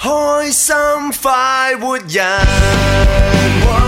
開心快活人。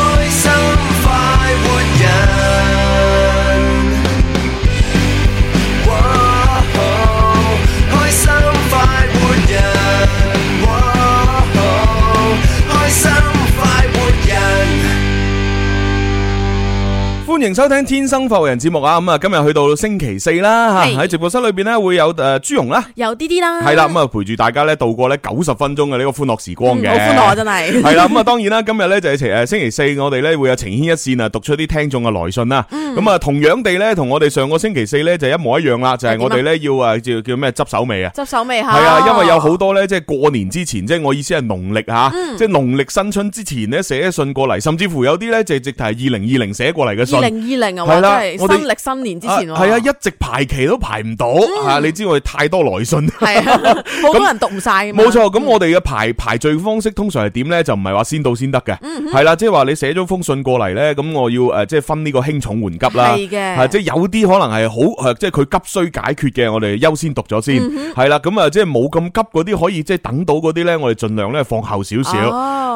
歡迎收聽天生服人節目啊！咁啊，今日去到星期四啦，喺直播室裏邊呢，會有誒、呃、朱紅啦，有啲啲啦，係啦咁啊陪住大家咧度過呢九十分鐘嘅呢個歡樂時光嘅、嗯，好歡樂真係係啦咁啊！當然啦，今日咧就係星期四，我哋咧會有情牽一線啊，讀出啲聽眾嘅來信啦。咁啊，同樣地咧，同我哋上個星期四咧就一模一樣啦，就係、是、我哋咧要誒叫叫咩執手尾啊，執手尾係啊，因為有好多咧即係過年之前，即係我意思係農曆吓，嗯、即係農曆新春之前咧寫信過嚟，甚至乎有啲咧就係直頭係二零二零寫過嚟嘅信。二零啊，係啦，我哋新曆新年之前，係啊，一直排期都排唔到吓，你知我哋太多來信，係啊，好多人讀唔晒。冇錯，咁我哋嘅排排序方式通常係點咧？就唔係話先到先得嘅，係啦，即係話你寫咗封信過嚟咧，咁我要誒，即係分呢個輕重緩急啦，係嘅，係即係有啲可能係好誒，即係佢急需解決嘅，我哋優先讀咗先，係啦，咁啊，即係冇咁急嗰啲可以即係等到嗰啲咧，我哋盡量咧放後少少，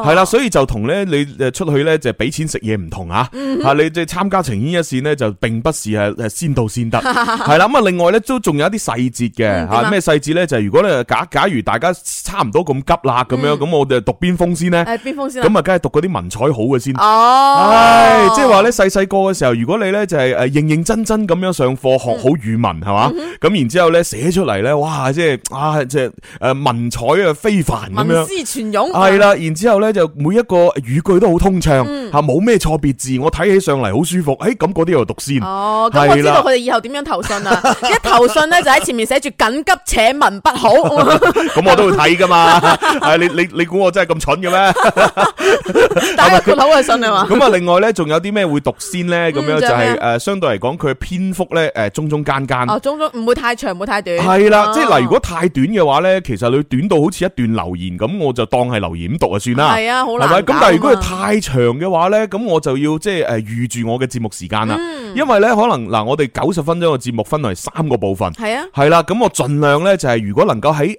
係啦，所以就同咧你誒出去咧就俾錢食嘢唔同啊，吓你即係參加。情牽一線呢就並不是係先到先得，係啦。咁啊，另外呢都仲有一啲細節嘅吓，咩細節呢就係、是、如果你假假如大家差唔多咁急啦，咁樣咁，我哋讀邊封先咧，邊、嗯、封先呢，咁啊，梗係讀嗰啲文采好嘅先哦。即係話呢細細個嘅時候，如果你呢就係、是、誒認認真真咁樣上課學好語文，係嘛咁，嗯、然之後呢寫出嚟呢哇！即係啊，即係誒、啊啊、文采啊非凡咁樣，思泉湧係啦。然之後呢就每一個語句都好通暢吓，冇咩錯別字，我睇起上嚟好舒服。誒、哎，咁嗰啲又讀先哦，咁我知道佢哋以後點樣投信啊！一投信咧就喺前面寫住緊急且文不好 ，咁我都會睇噶嘛。係 你你你估我真係咁蠢嘅咩？打 開口去信係嘛？咁 啊，另外咧仲有啲咩會讀先咧？咁、嗯、樣就係、是、誒，相對嚟講佢嘅篇幅咧誒，中中間間、哦、中唔會太長，唔會太短。係啦，啊、即係嗱，如果太短嘅話咧，其實佢短到好似一段留言咁，我就當係留言咁讀就算啊，算啦。係啊，好難講。咁但係如果係太長嘅話咧，咁我就要即係誒預住我嘅節目時間啦，因為咧可能，嗱，我哋九十分鐘嘅節目分為三個部分，係啊，係啦，咁我盡量咧就係如果能夠喺誒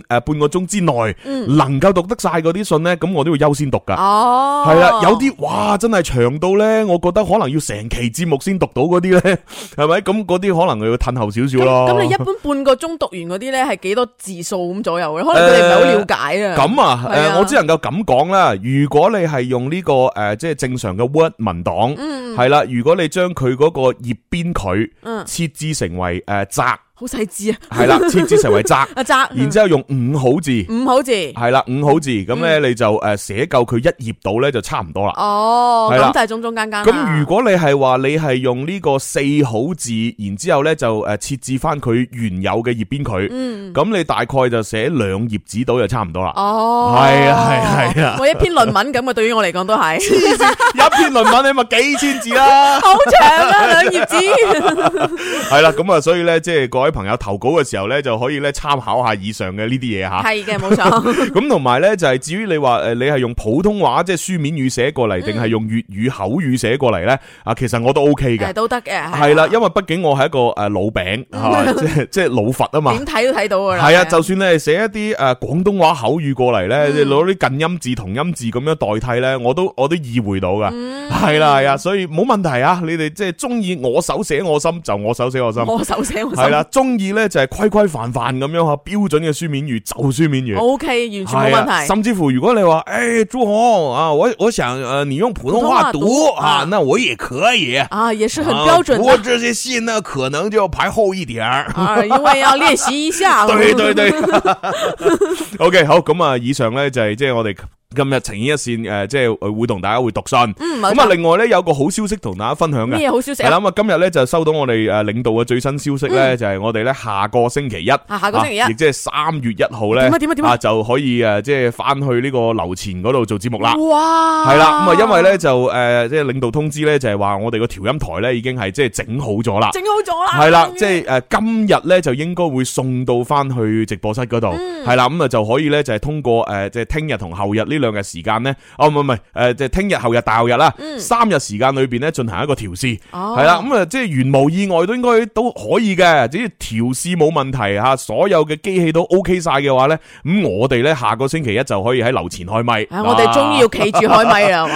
半誒半個鐘之內，能夠讀得晒嗰啲信咧，咁我都會優先讀噶，哦，係啦，有啲哇真係長到咧，我覺得可能要成期節目先讀到嗰啲咧，係咪？咁嗰啲可能要褪後少少咯。咁你一般半個鐘讀完嗰啲咧係幾多字數咁左右嘅？可能佢哋唔係好了解啊。咁啊，誒，我只能夠咁講啦。如果你係用呢個誒即係正常嘅 Word 文檔，係啦。如果你將佢嗰個頁邊距嗯設置成為誒、嗯呃、窄。好細緻啊！係啦，設置成為窄，窄，然之後用五好字，五好字，係啦，五好字咁咧，你就誒寫夠佢一頁到咧，就差唔多啦。哦，咁就係中中間間。咁如果你係話你係用呢個四好字，然之後咧就誒設置翻佢原有嘅頁邊距，咁你大概就寫兩頁紙到就差唔多啦。哦，係啊，係啊，係啊，我 一篇論文咁啊，對於我嚟講都係一篇論文，你咪幾千字啦，啊，好長啊，兩頁紙。係 啦， 咁啊，所以咧即係朋友投稿嘅時候咧，就可以咧參考下以上嘅 呢啲嘢吓，係嘅冇錯。咁同埋咧就係、是、至於你話誒，你係用普通話即係、就是、書面語寫過嚟，定、嗯、係用粵語口語寫過嚟咧？啊，其實我都 OK 嘅、欸，都得嘅係啦。因為畢竟我係一個誒老餅，即係即係老佛啊嘛。點睇都睇到噶啦。係啊，就算你係寫一啲誒廣東話口語過嚟咧，你攞啲近音字同音字咁樣代替咧，我都我都意會到噶。係啦，係啊，所以冇問題啊。你哋即係中意我手寫我心，就我手寫我心，我手寫我心係啦。中意咧就係規規範範咁樣吓，標準嘅書面語就書面語。O K，完全冇問題、啊。甚至乎如果你話誒、欸，朱紅啊，我我想，誒，你用普通話讀，通話讀啊，啊，那我也可以。啊，也是很標準的、啊。不過這些信呢，可能就要排後一點，啊、因為要練習一下。 對對對。 o、okay, K，好咁啊，以上咧就係即係我哋。今日情牽一線誒，即、呃、係會同大家會讀信。嗯，咁啊，另外咧有個好消息同大家分享嘅。咩好消息？係啦，咁啊，嗯、今日咧就收到我哋誒領導嘅最新消息咧、嗯，就係、是、我哋咧下個星期一，下個星期一，亦即係三月一號咧。點點啊，就可以誒，即係翻去呢個樓前嗰度做節目啦。哇！係啦，咁、嗯、啊，因為咧就誒，即、呃、係、就是、領導通知咧，就係、是、話我哋個調音台咧已經係即係整好咗啦。整好咗啦。係啦，即係誒，今日咧就應該會送到翻去直播室嗰度。嗯。係啦，咁、嗯、啊就可以咧就係、是、通過誒，即係聽日同後日呢。兩日時間呢哦，唔係唔係，誒，即係聽日、後日、大後日啦，三日時間裏邊咧進行一個調試，係、哦、啦，咁啊，即係原無意外都應該都可以嘅，只要調試冇問題吓，所有嘅機器都 OK 晒嘅話呢，咁我哋咧下個星期一就可以喺樓前開咪、啊啊、我哋終於要企住開咪啦，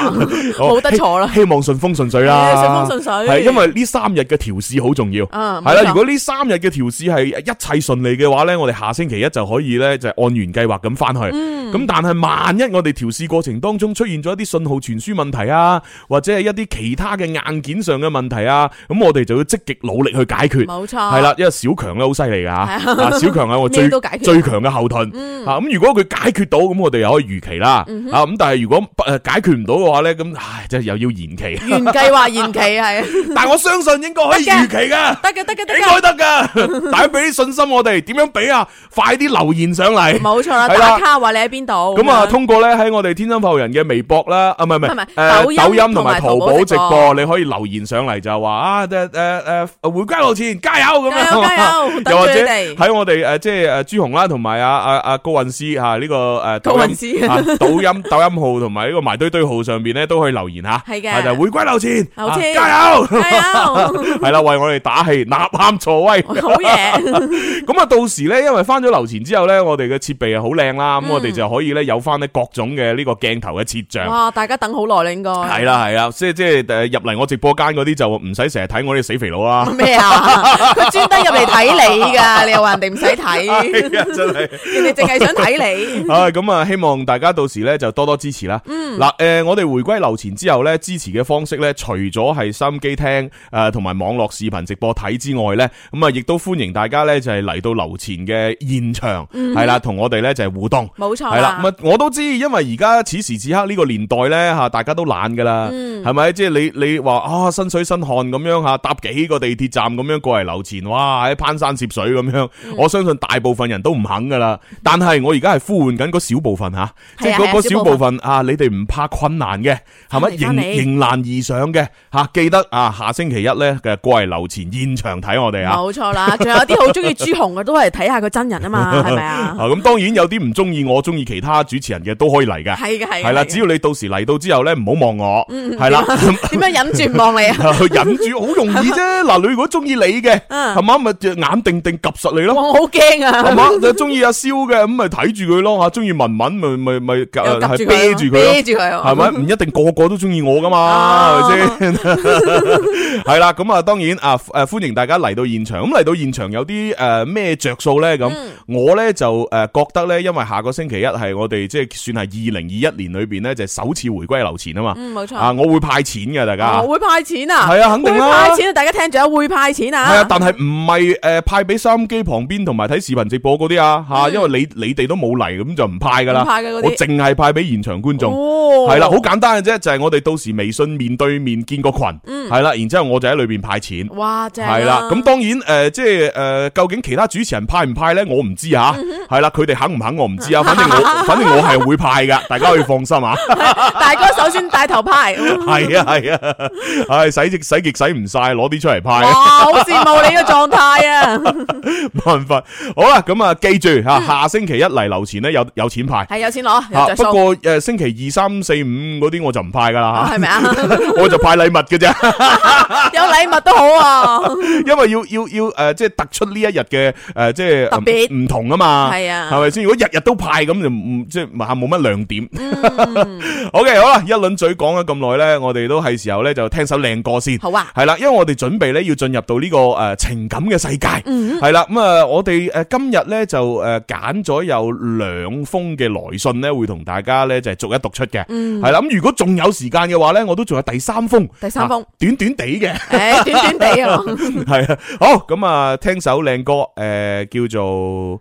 冇得坐啦。希望順風順水啦，順、嗯、風順水。係因為呢三日嘅調試好重要。係、嗯、啦，如果呢三日嘅調試係一切順利嘅話呢，我哋下星期一就可以咧就按原計劃咁翻去。咁、嗯、但係萬一我哋調試過程當中出現咗一啲信號傳輸問題啊，或者係一啲其他嘅硬件上嘅問題啊，咁我哋就要積極努力去解決。冇錯，係啦，因為小強咧好犀利噶吓，小強係我最最強嘅後盾吓。咁、嗯、如果佢解決到，咁我哋又可以如期啦。吓、嗯、咁，但係如果誒解決唔到嘅話咧，咁唉，就又要延期。原計劃延期係， 但係我相信應該可以如期噶，得嘅，得嘅，應該得噶。大家俾啲信心我哋，點樣俾啊？快啲留言上嚟。冇錯啦，打卡話你喺邊度。咁啊，通過咧。喺我哋天心炮人嘅微博啦，啊唔係唔係，誒、呃、抖音同埋淘寶直播，你可以留言上嚟就話啊誒誒誒回歸樓前加油咁樣，又或者喺我哋誒即係誒朱紅啦，同埋阿阿高韻詩吓呢個誒抖音，音、啊、抖、音抖音號同埋呢個埋堆堆號上邊咧都可以留言吓，係、嗯、嘅、啊，就是、回歸樓前、啊，加油，係啦、 啊，為我哋打氣，呐喊助威，好嘢咁啊， 到時咧，因為翻咗樓前之後咧，我哋嘅設備啊好靚啦，咁、嗯、我哋就可以咧有翻呢各種。嘅呢個鏡頭嘅攝像，哇！大家等好耐啦，應該係啦係啦，即係即係誒入嚟我直播間嗰啲就唔使成日睇我啲死肥佬啦。咩啊？佢專登入嚟睇你㗎， 你又話人哋唔使睇，哎、真係人哋淨係想睇你。咁啊，希望大家到時咧就多多支持啦。嗱、嗯，誒、啊，我哋回歸樓前之後咧，支持嘅方式咧，除咗係收音機聽誒，同、呃、埋網絡視頻直播睇之外咧，咁啊，亦都歡迎大家咧就係嚟到樓前嘅現場，係、嗯、啦，同我哋咧就係、是、互動。冇錯，係啦，咁啊，我都知道，因為。而家此時此刻呢個年代呢，吓，大家都懶噶啦，係咪？即係你你話啊、哦，身水身汗咁樣吓，搭幾個地鐵站咁樣過嚟樓前，哇，喺攀山涉水咁樣。嗯、我相信大部分人都唔肯噶啦。但係我而家係呼喚緊嗰小部分吓、嗯啊，即係嗰、啊、小部分、啊、小部分啊，你哋唔怕困難嘅，係咪？迎迎難而上嘅吓、啊，記得啊，下星期一呢嘅過嚟樓前現場睇我哋啊。冇錯啦，仲有啲好中意朱紅嘅 都嚟睇下個真人啊嘛，係 咪啊？咁、啊、當然有啲唔中意我中意 其他主持人嘅都可以留嚟嘅係嘅係，係啦！只要你到時嚟到之後咧，唔好望我，係啦。點樣忍住唔望你啊？佢忍住好容易啫。嗱，你如果中意你嘅，係嘛咪眼定定 𥄫 實你咯。我好驚啊，係嘛？又中意阿蕭嘅咁咪睇住佢咯吓？中意文文咪咪咪係啤住佢，遮住佢，係咪？唔一定個個都中意我噶嘛，係咪先？係啦，咁啊，當然啊，誒，歡迎大家嚟到現場。咁嚟到現場有啲誒咩着數咧？咁我咧就誒覺得咧，因為下個星期一係我哋即係算係。二零二一年裏邊咧就係，首次回歸留錢啊嘛，冇錯，嗯、啊我會派錢嘅大家，我會派錢啊，係啊肯定啦，啊，派錢大家聽住會派錢啊，係啊，係啊但係唔係誒派俾收音機旁邊同埋睇視頻直播嗰啲啊吓，嗯，因爲你你哋都冇嚟咁就唔派噶啦，嗯，我淨係派俾現場觀眾，係啦好簡單嘅啫，就係、係，我哋到時微信面對面建個群，係、嗯、啦、啊，然之後我就喺裏邊派錢，哇係啦，咁、啊啊、當然誒即係誒究竟其他主持人派唔派咧我唔知啊，係啦佢哋肯唔肯我唔知啊，嗯，反正我 反正我係會派。大家可以放心啊！ 大哥，首先帶頭派，係啊係啊，係使極使極使唔晒，攞啲出嚟派，好羨慕你嘅狀態啊！冇 辦法，好啦、啊，咁啊，記住吓、啊，下星期一嚟流前咧有有錢派，係有錢攞、啊、不過誒、呃，星期二三四五嗰啲我就唔派噶啦吓，係咪啊？ 我就派禮物嘅啫， 有禮物都好啊， 因為要要要誒、呃，即係突出呢一日嘅誒，即係特別唔同啊嘛，係啊，係咪先？如果日日都派咁就唔即係冇冇乜量。兩點，好嘅，好啦，一輪嘴講咗咁耐咧，我哋都係時候咧就聽首靚歌先，好啊，係啦，因為我哋準備咧要進入到呢個誒情感嘅世界，係啦，咁啊，我哋誒今日咧就誒揀咗有兩封嘅來信咧，會同大家咧就係逐一讀出嘅，係啦，咁如果仲有時間嘅話咧，我都仲有第三封，第三封短短地嘅，誒，短短地咯，係啊，好，咁啊，聽首靚歌，誒，叫做。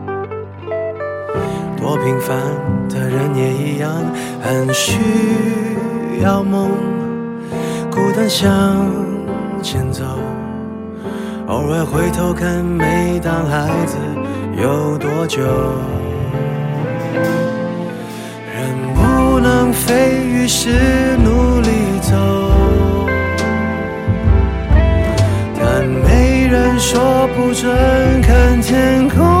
多平凡的人也一樣，很需要夢，孤單向前走，偶爾回頭看，每當孩子有多久，人不能飛，於是努力走，但沒人說不准看天空。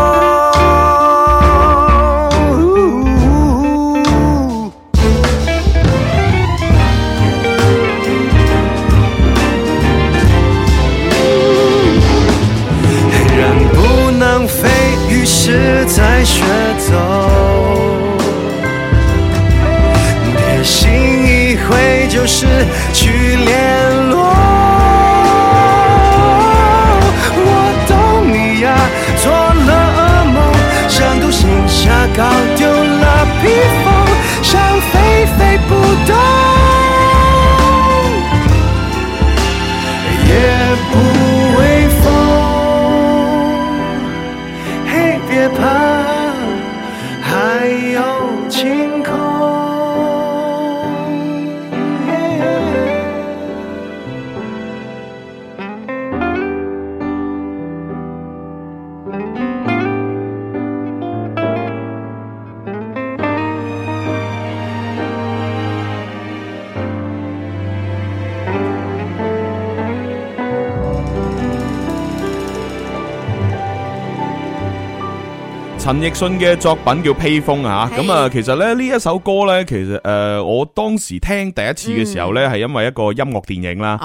陳奕迅嘅作品叫《披風》啊，咁啊，其實咧呢一首歌咧，其實誒，我當時聽第一次嘅時候咧，係因為一個音樂電影啦，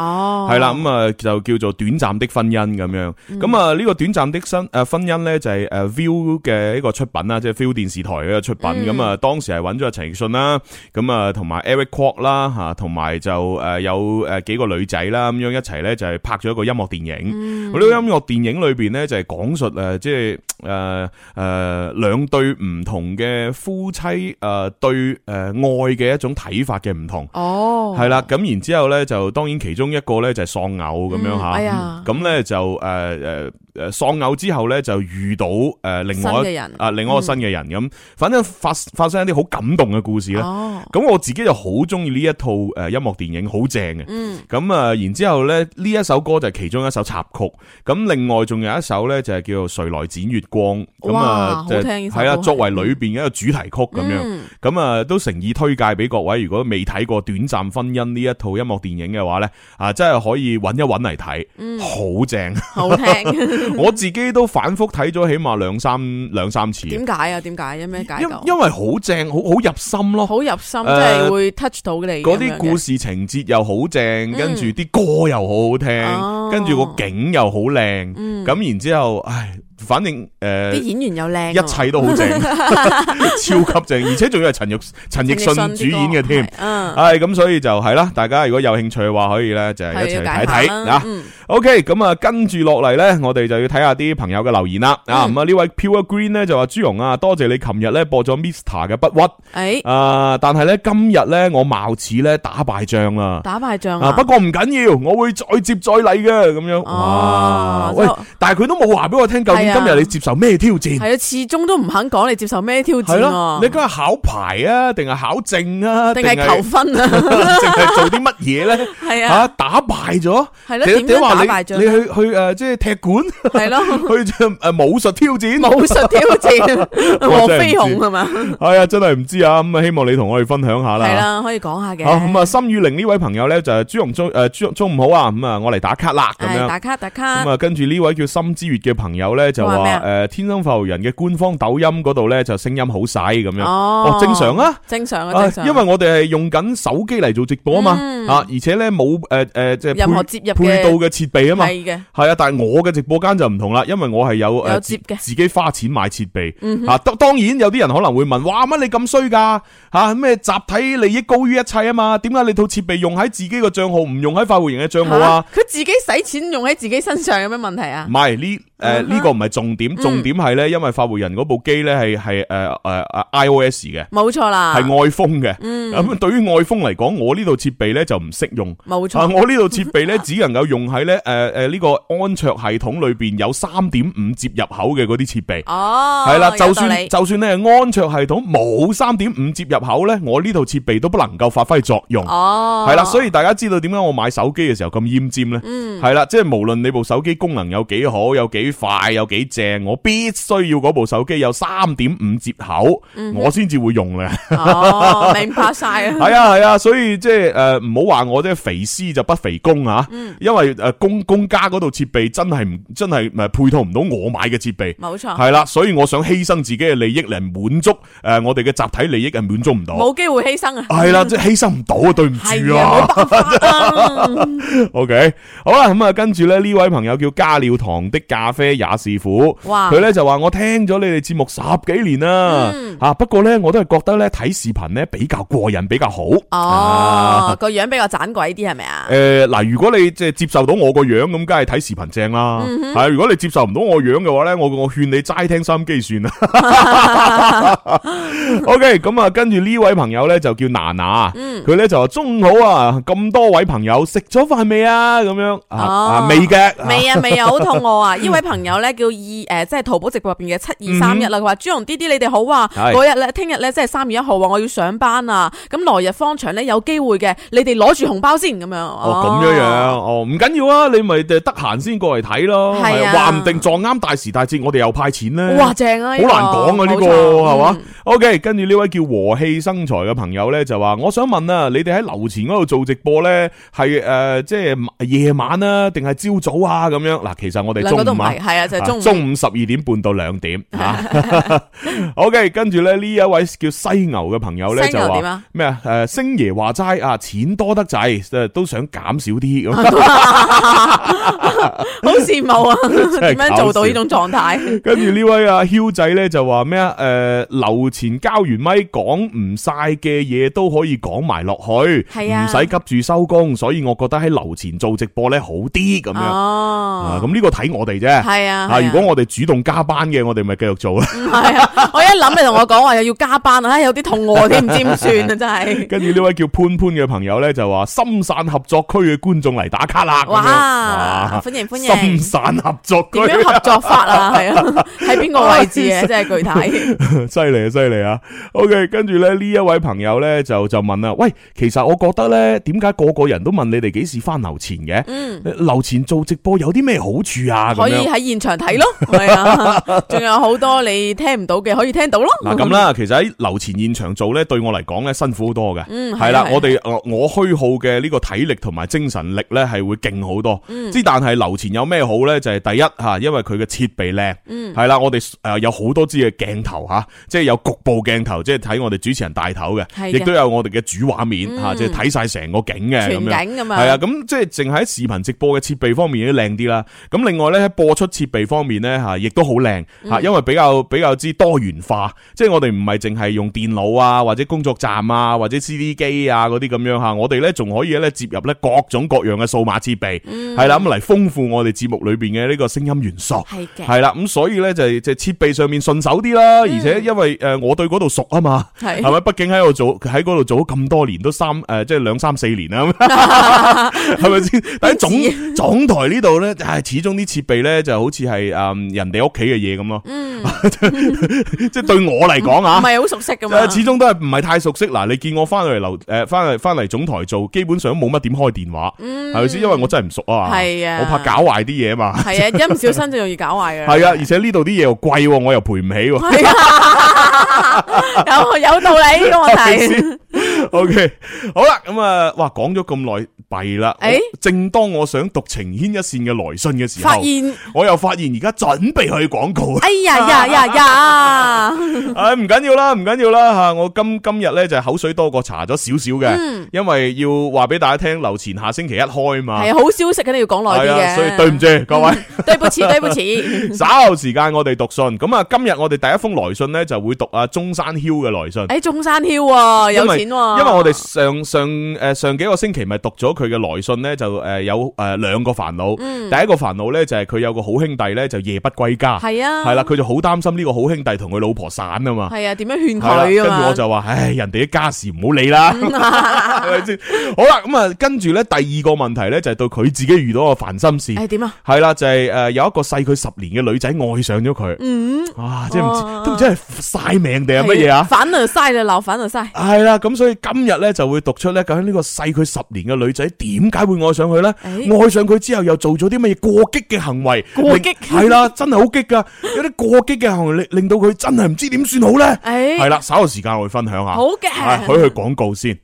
係啦，咁啊就叫做《短暫的婚姻》咁樣，咁啊呢個短暫的婚誒婚姻咧就係誒 Viu 嘅一個出品啦，即係 Viu 電視台嘅出品，咁啊當時係搵咗阿陳奕迅啦，咁啊同埋 Eric Kwok 啦吓，同埋就誒有誒幾個女仔啦咁樣一齊咧就係拍咗一個音樂電影，咁呢個音樂電影裏邊咧就係講述誒即係誒誒。誒，兩對唔同嘅夫妻誒、呃，對誒、呃、愛嘅一種睇法嘅唔同哦，係啦，咁然後之後咧就，當然其中一個咧就係、是、喪偶咁樣吓，咁、嗯、咧、哎嗯、就誒誒誒，喪、呃、偶之後咧就遇到誒、呃另，啊、另外一個人啊，另外一個新嘅人咁，反正發發生一啲好感動嘅故事啦，咁、哦、我自己就好中意呢一套誒音樂電影，好正嘅，咁、嗯、啊，然之後咧呢一首歌就係其中一首插曲，咁另外仲有一首咧就係叫做誰來剪月光咁啊。就係啦，作為裏邊一個主題曲咁樣，咁、嗯、啊都誠意推介俾各位。如果未睇過《短暫婚姻》呢一套音樂電影嘅話呢啊，真係可以揾一揾嚟睇，好、嗯、正，好聽。 我自己都反覆睇咗起碼兩三兩三次。點解啊？點解有咩解？因因為好正，好好入心咯，好入心，呃、即係會 touch 到你。嗰啲故事情節又好正，跟住啲歌又好好聽，跟住個景又好靚，咁、嗯、然後之後，唉。反正誒，啲、呃、演員又靚，一切都好正， 超級正，而且仲要係陳玉陳 奕迅主演嘅添，係咁、這個，哎、所以就係、是、啦。大家如果有興趣嘅話，可以咧就係一齊睇睇啊。O.K. 咁啊，跟住落嚟咧，我哋就要睇下啲朋友嘅留言啦、嗯。啊，咁啊呢位 Pure Green 咧就話朱容啊，多謝你琴日咧播咗 Mr. 嘅不屈。誒、欸呃，但係咧今日咧我貌似咧打敗仗啦。打敗仗啊，啊不過唔緊要，我會再接再厲嘅咁樣、哦。哇，喂，但係佢都冇話俾我聽，究竟今日你接受咩挑戰？係啊，始終都唔肯講你接受咩挑戰、啊。係咯、啊，你今日考牌啊，定係考證啊，定係求婚啊，淨係 做啲乜嘢咧？係啊，吓、啊、打敗咗，點點話？你，你去去誒，即係踢館，係咯？去誒、呃就是、 武術挑戰，武術挑戰，黃 飛鴻係嘛？係啊，真係唔知啊。咁啊，希望你同我哋分享下啦。係啦，可以講下嘅。好，咁啊，心、嗯、雨玲呢位朋友咧就係朱融中誒朱融中唔好啊。咁、嗯、啊，我嚟打卡啦，咁樣打卡打卡。咁啊，跟住呢位叫心之月嘅朋友咧就話誒、呃，天生浮人嘅官方抖音嗰度咧就聲音好細咁樣哦，哦，正常啊，正常啊，啊正常啊，因為我哋係用緊手機嚟做直播啊嘛、嗯、啊，而且咧冇誒誒即係任何接入配套嘅設備啊嘛係啊，但係我嘅直播間就唔同啦，因為我係有誒，自己花錢買設備、嗯、啊。當當然有啲人可能會問，哇，乜你咁衰噶吓？咩、啊、集體利益高於一切啊嘛？點解你套設備用喺自己個賬號，唔用喺發匯人嘅賬號啊？佢、啊、自己使錢用喺自己身上，有咩問題啊？唔係呢誒呢個唔係重點，重點係呢——因為發匯人嗰部機呢係係誒誒 iOS 嘅，冇錯啦，係愛瘋嘅。咁、嗯啊、對於愛瘋嚟講，我呢套設備呢就唔適用，冇錯、啊。我呢套設備呢只能夠用喺 誒、呃、誒，呢、這個安卓系統裏邊有三點五接入口嘅嗰啲設備，係、哦、啦，就算就算你係安卓系統冇三點五接入口咧，我呢套設備都不能夠發揮作用，係、哦、啦，所以大家知道點解我買手機嘅時候咁奄尖咧，係、嗯、啦，即係無論你部手機功能有幾好，有幾快，有幾正，我必須要嗰部手機有三點五接口，嗯、我先至會用咧。哦、 明白晒。係啊係啊，所以即係誒，唔好話我即係肥私就不肥功啊、嗯，因為誒。呃公公家嗰度設備真係唔真係係配套唔到我買嘅設備，冇錯，係啦，所以我想犧牲自己嘅利益嚟滿足誒、呃，我哋嘅集體利益係滿足唔到，冇機會犧牲啊，係啦，即係犧牲唔到啊，對唔住啊，冇辦法啦。OK，好啦，咁啊，跟住咧，呢位朋友叫加料糖的咖啡也是苦，佢咧就話我聽咗你哋節目十幾年啦，吓、嗯啊，不過咧我都係覺得咧睇視頻咧比較過癮比較好，哦，啊、個樣比較盞鬼啲係咪啊？誒、嗱、呃，如果你即係接受到我。個樣咁，梗係睇視頻正啦。係、嗯、如果你接受唔到我樣嘅話咧，我我勸你齋聽心機算啦。O K，咁啊，跟住呢位朋友咧就叫娜娜、嗯，佢咧就話中午好啊，咁多位朋友食咗飯未啊？咁樣啊未嘅，未啊未啊，好肚餓啊！呢、啊、 位朋友咧叫二誒，即係淘寶直播入邊嘅七二三一啦。佢話朱紅啲啲，弟弟你哋好啊。嗰、那個、日咧，聽日咧，即係三月一號，話我要上班啊。咁來日方長咧，有機會嘅，你哋攞住紅包先咁樣。哦咁樣樣，哦唔緊要啊。啊，你咪得得閒先過嚟睇咯，話唔定撞啱大時大節，我哋又派錢咧。哇，正啊，好難講啊，呢、呢個係嘛、嗯、？OK，跟住呢位叫和氣生財嘅朋友咧就話、嗯，我想問啊，你哋喺樓前嗰度做直播咧，係、呃、誒即係夜晚啊，定係朝早啊咁樣？嗱，其實我哋中午係啊，啊，就係、中，中午中午十二點半到兩點。 啊、 OK，跟住咧呢一位叫犀牛嘅朋友咧就話咩啊？誒，星爺話齋啊，錢多得滯、啊，都想減少啲咁。 好羨慕啊！點樣做到這種狀態笑 這呢種狀態？跟住呢位阿囂仔咧就話咩啊？誒，樓前交完咪，講唔晒嘅嘢，都可以講埋落去，係啊，唔使急住收工，所以我覺得喺樓前做直播咧好啲咁樣。哦，咁呢個睇我哋啫。係啊，啊，啊，如果我哋主動加班嘅，我哋咪繼續做啦。係啊， 我一諗你同我講話又要加班啊、哎，有啲肚餓添，唔知點算啊？真係。跟住呢位叫潘潘嘅朋友咧就話：，深汕合作區嘅觀眾嚟打卡啦。啊！歡迎歡迎，分散合作，點樣合作法啊？係 啊，喺邊個位置啊？即係具體 ，犀利啊，犀利啊！OK，跟住咧呢一位朋友咧就就問啦，喂，其實我覺得咧，點解個個人都問你哋幾時翻樓前嘅？嗯，樓前做直播有啲咩好處啊？可以喺現場睇咯，係 啊，仲有好多你聽唔到嘅可以聽到咯。嗱咁啦，其實喺樓前現場做咧，對我嚟講咧辛苦好多嘅，係、嗯、啦、啊啊啊啊啊，我哋我虛耗嘅呢個體力同埋精神力咧係會勁好之、嗯、但係留前有咩好咧？就係、是、第一吓，因為佢嘅設備靚，係、嗯、啦，我哋誒有好多支嘅鏡頭吓，即係有局部鏡頭，即係睇我哋主持人大頭嘅，亦都有我哋嘅主畫面吓、嗯，即係睇晒成個景嘅，全景咁啊，係啊，咁即係淨喺視頻直播嘅設備方面都靚啲啦。咁另外咧喺播出設備方面咧吓，亦都好靚吓，因為比較比較之多元化，嗯、即係我哋唔係淨係用電腦啊，或者工作站啊，或者 C D 機啊嗰啲咁樣吓，我哋咧仲可以咧接入咧各種各樣嘅數碼設備。嗯係、嗯、啦，咁嚟豐富我哋節目裏邊嘅呢個聲音元素，係啦，咁所以咧就係即係設備上面順手啲啦、嗯，而且因為誒我對嗰度熟啊嘛，係咪？畢竟喺度做喺嗰度做咗咁多年，都三誒即係兩三四年啦，係咪先？但係總 總台呢度咧，唉，始終啲設備咧就好似係誒人哋屋企嘅嘢咁咯，嗯，即 係 對我嚟講啊，唔係好熟悉㗎嘛，始終都係唔係太熟悉。嗱，你見我翻嚟留誒，翻嚟翻嚟總台做，基本上冇乜點開電話，係咪先？因為我真係唔熟。哇，係啊，我怕搞壞啲嘢嘛。係啊，一唔小心就容易搞壞噶。係啊，而且呢度啲嘢又貴，我又賠唔起，係啊。 有有道理呢個問題。OK，好啦，咁 啊、okay,，哇，講咗咁耐。弊啦！誒、欸，正當我想讀情牽一線嘅來信嘅時候，發現我又發現而家準備去廣告、啊。哎呀呀呀呀、啊哎！誒，唔緊要啦，唔緊要啦吓！我今今日呢，就口水多過查咗少少嘅，嗯、因為要話俾大家聽，留前下星期一開嘛。係、嗯、好、啊、消息，肯定要講耐啲嘅。所以對唔住各位、嗯，對不起，對不起。稍後時間我哋讀信。咁啊，今日我哋第一封來信呢，就會讀啊中山囂嘅來信。誒，中山囂喎、啊，有錢喎。因為因為我哋上上誒上幾個星期咪讀咗。佢嘅來信咧就，誒有誒兩個煩惱，嗯，第一個煩惱咧就係佢有個好兄弟咧就夜不歸家，係啊，係啦，佢就好擔心呢個好兄弟同佢老婆散啊嘛，係啊，點樣勸佢？跟住我就話，唉、哎，人哋嘅家事唔，嗯、 好理啦，係咪先？好啦，咁啊，跟住咧第二個問題咧就係到佢自己遇到個煩心事，係，哎、點啊？係啦，就係，是、誒有一個細佢十年嘅女仔愛上咗佢，嗯，啊，即係唔知、哦、都唔知係晒命定係乜嘢啊？反而晒就鬧反而晒，係啦，咁所以今日咧就會讀出咧究竟呢個細佢十年嘅女仔。你點解會愛上佢呢？愛上佢之後又做咗啲乜嘢過激嘅行為？過激係啦，真係好激㗎，有啲過激嘅行為令令到佢真係唔知點算好呢？係 啦，稍後時間我會分享下。好嘅，佢去廣告先。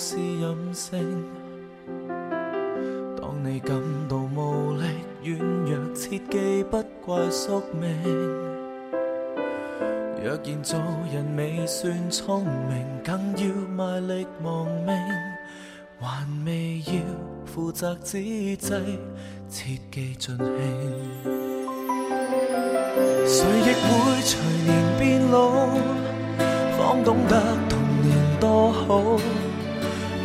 是任性。當你感到無力、軟弱，切記不怪宿命。若然做人未算聰明，更要賣力亡命。還未要負責之際，切記盡興。誰亦會隨年變老，方懂得童年多好。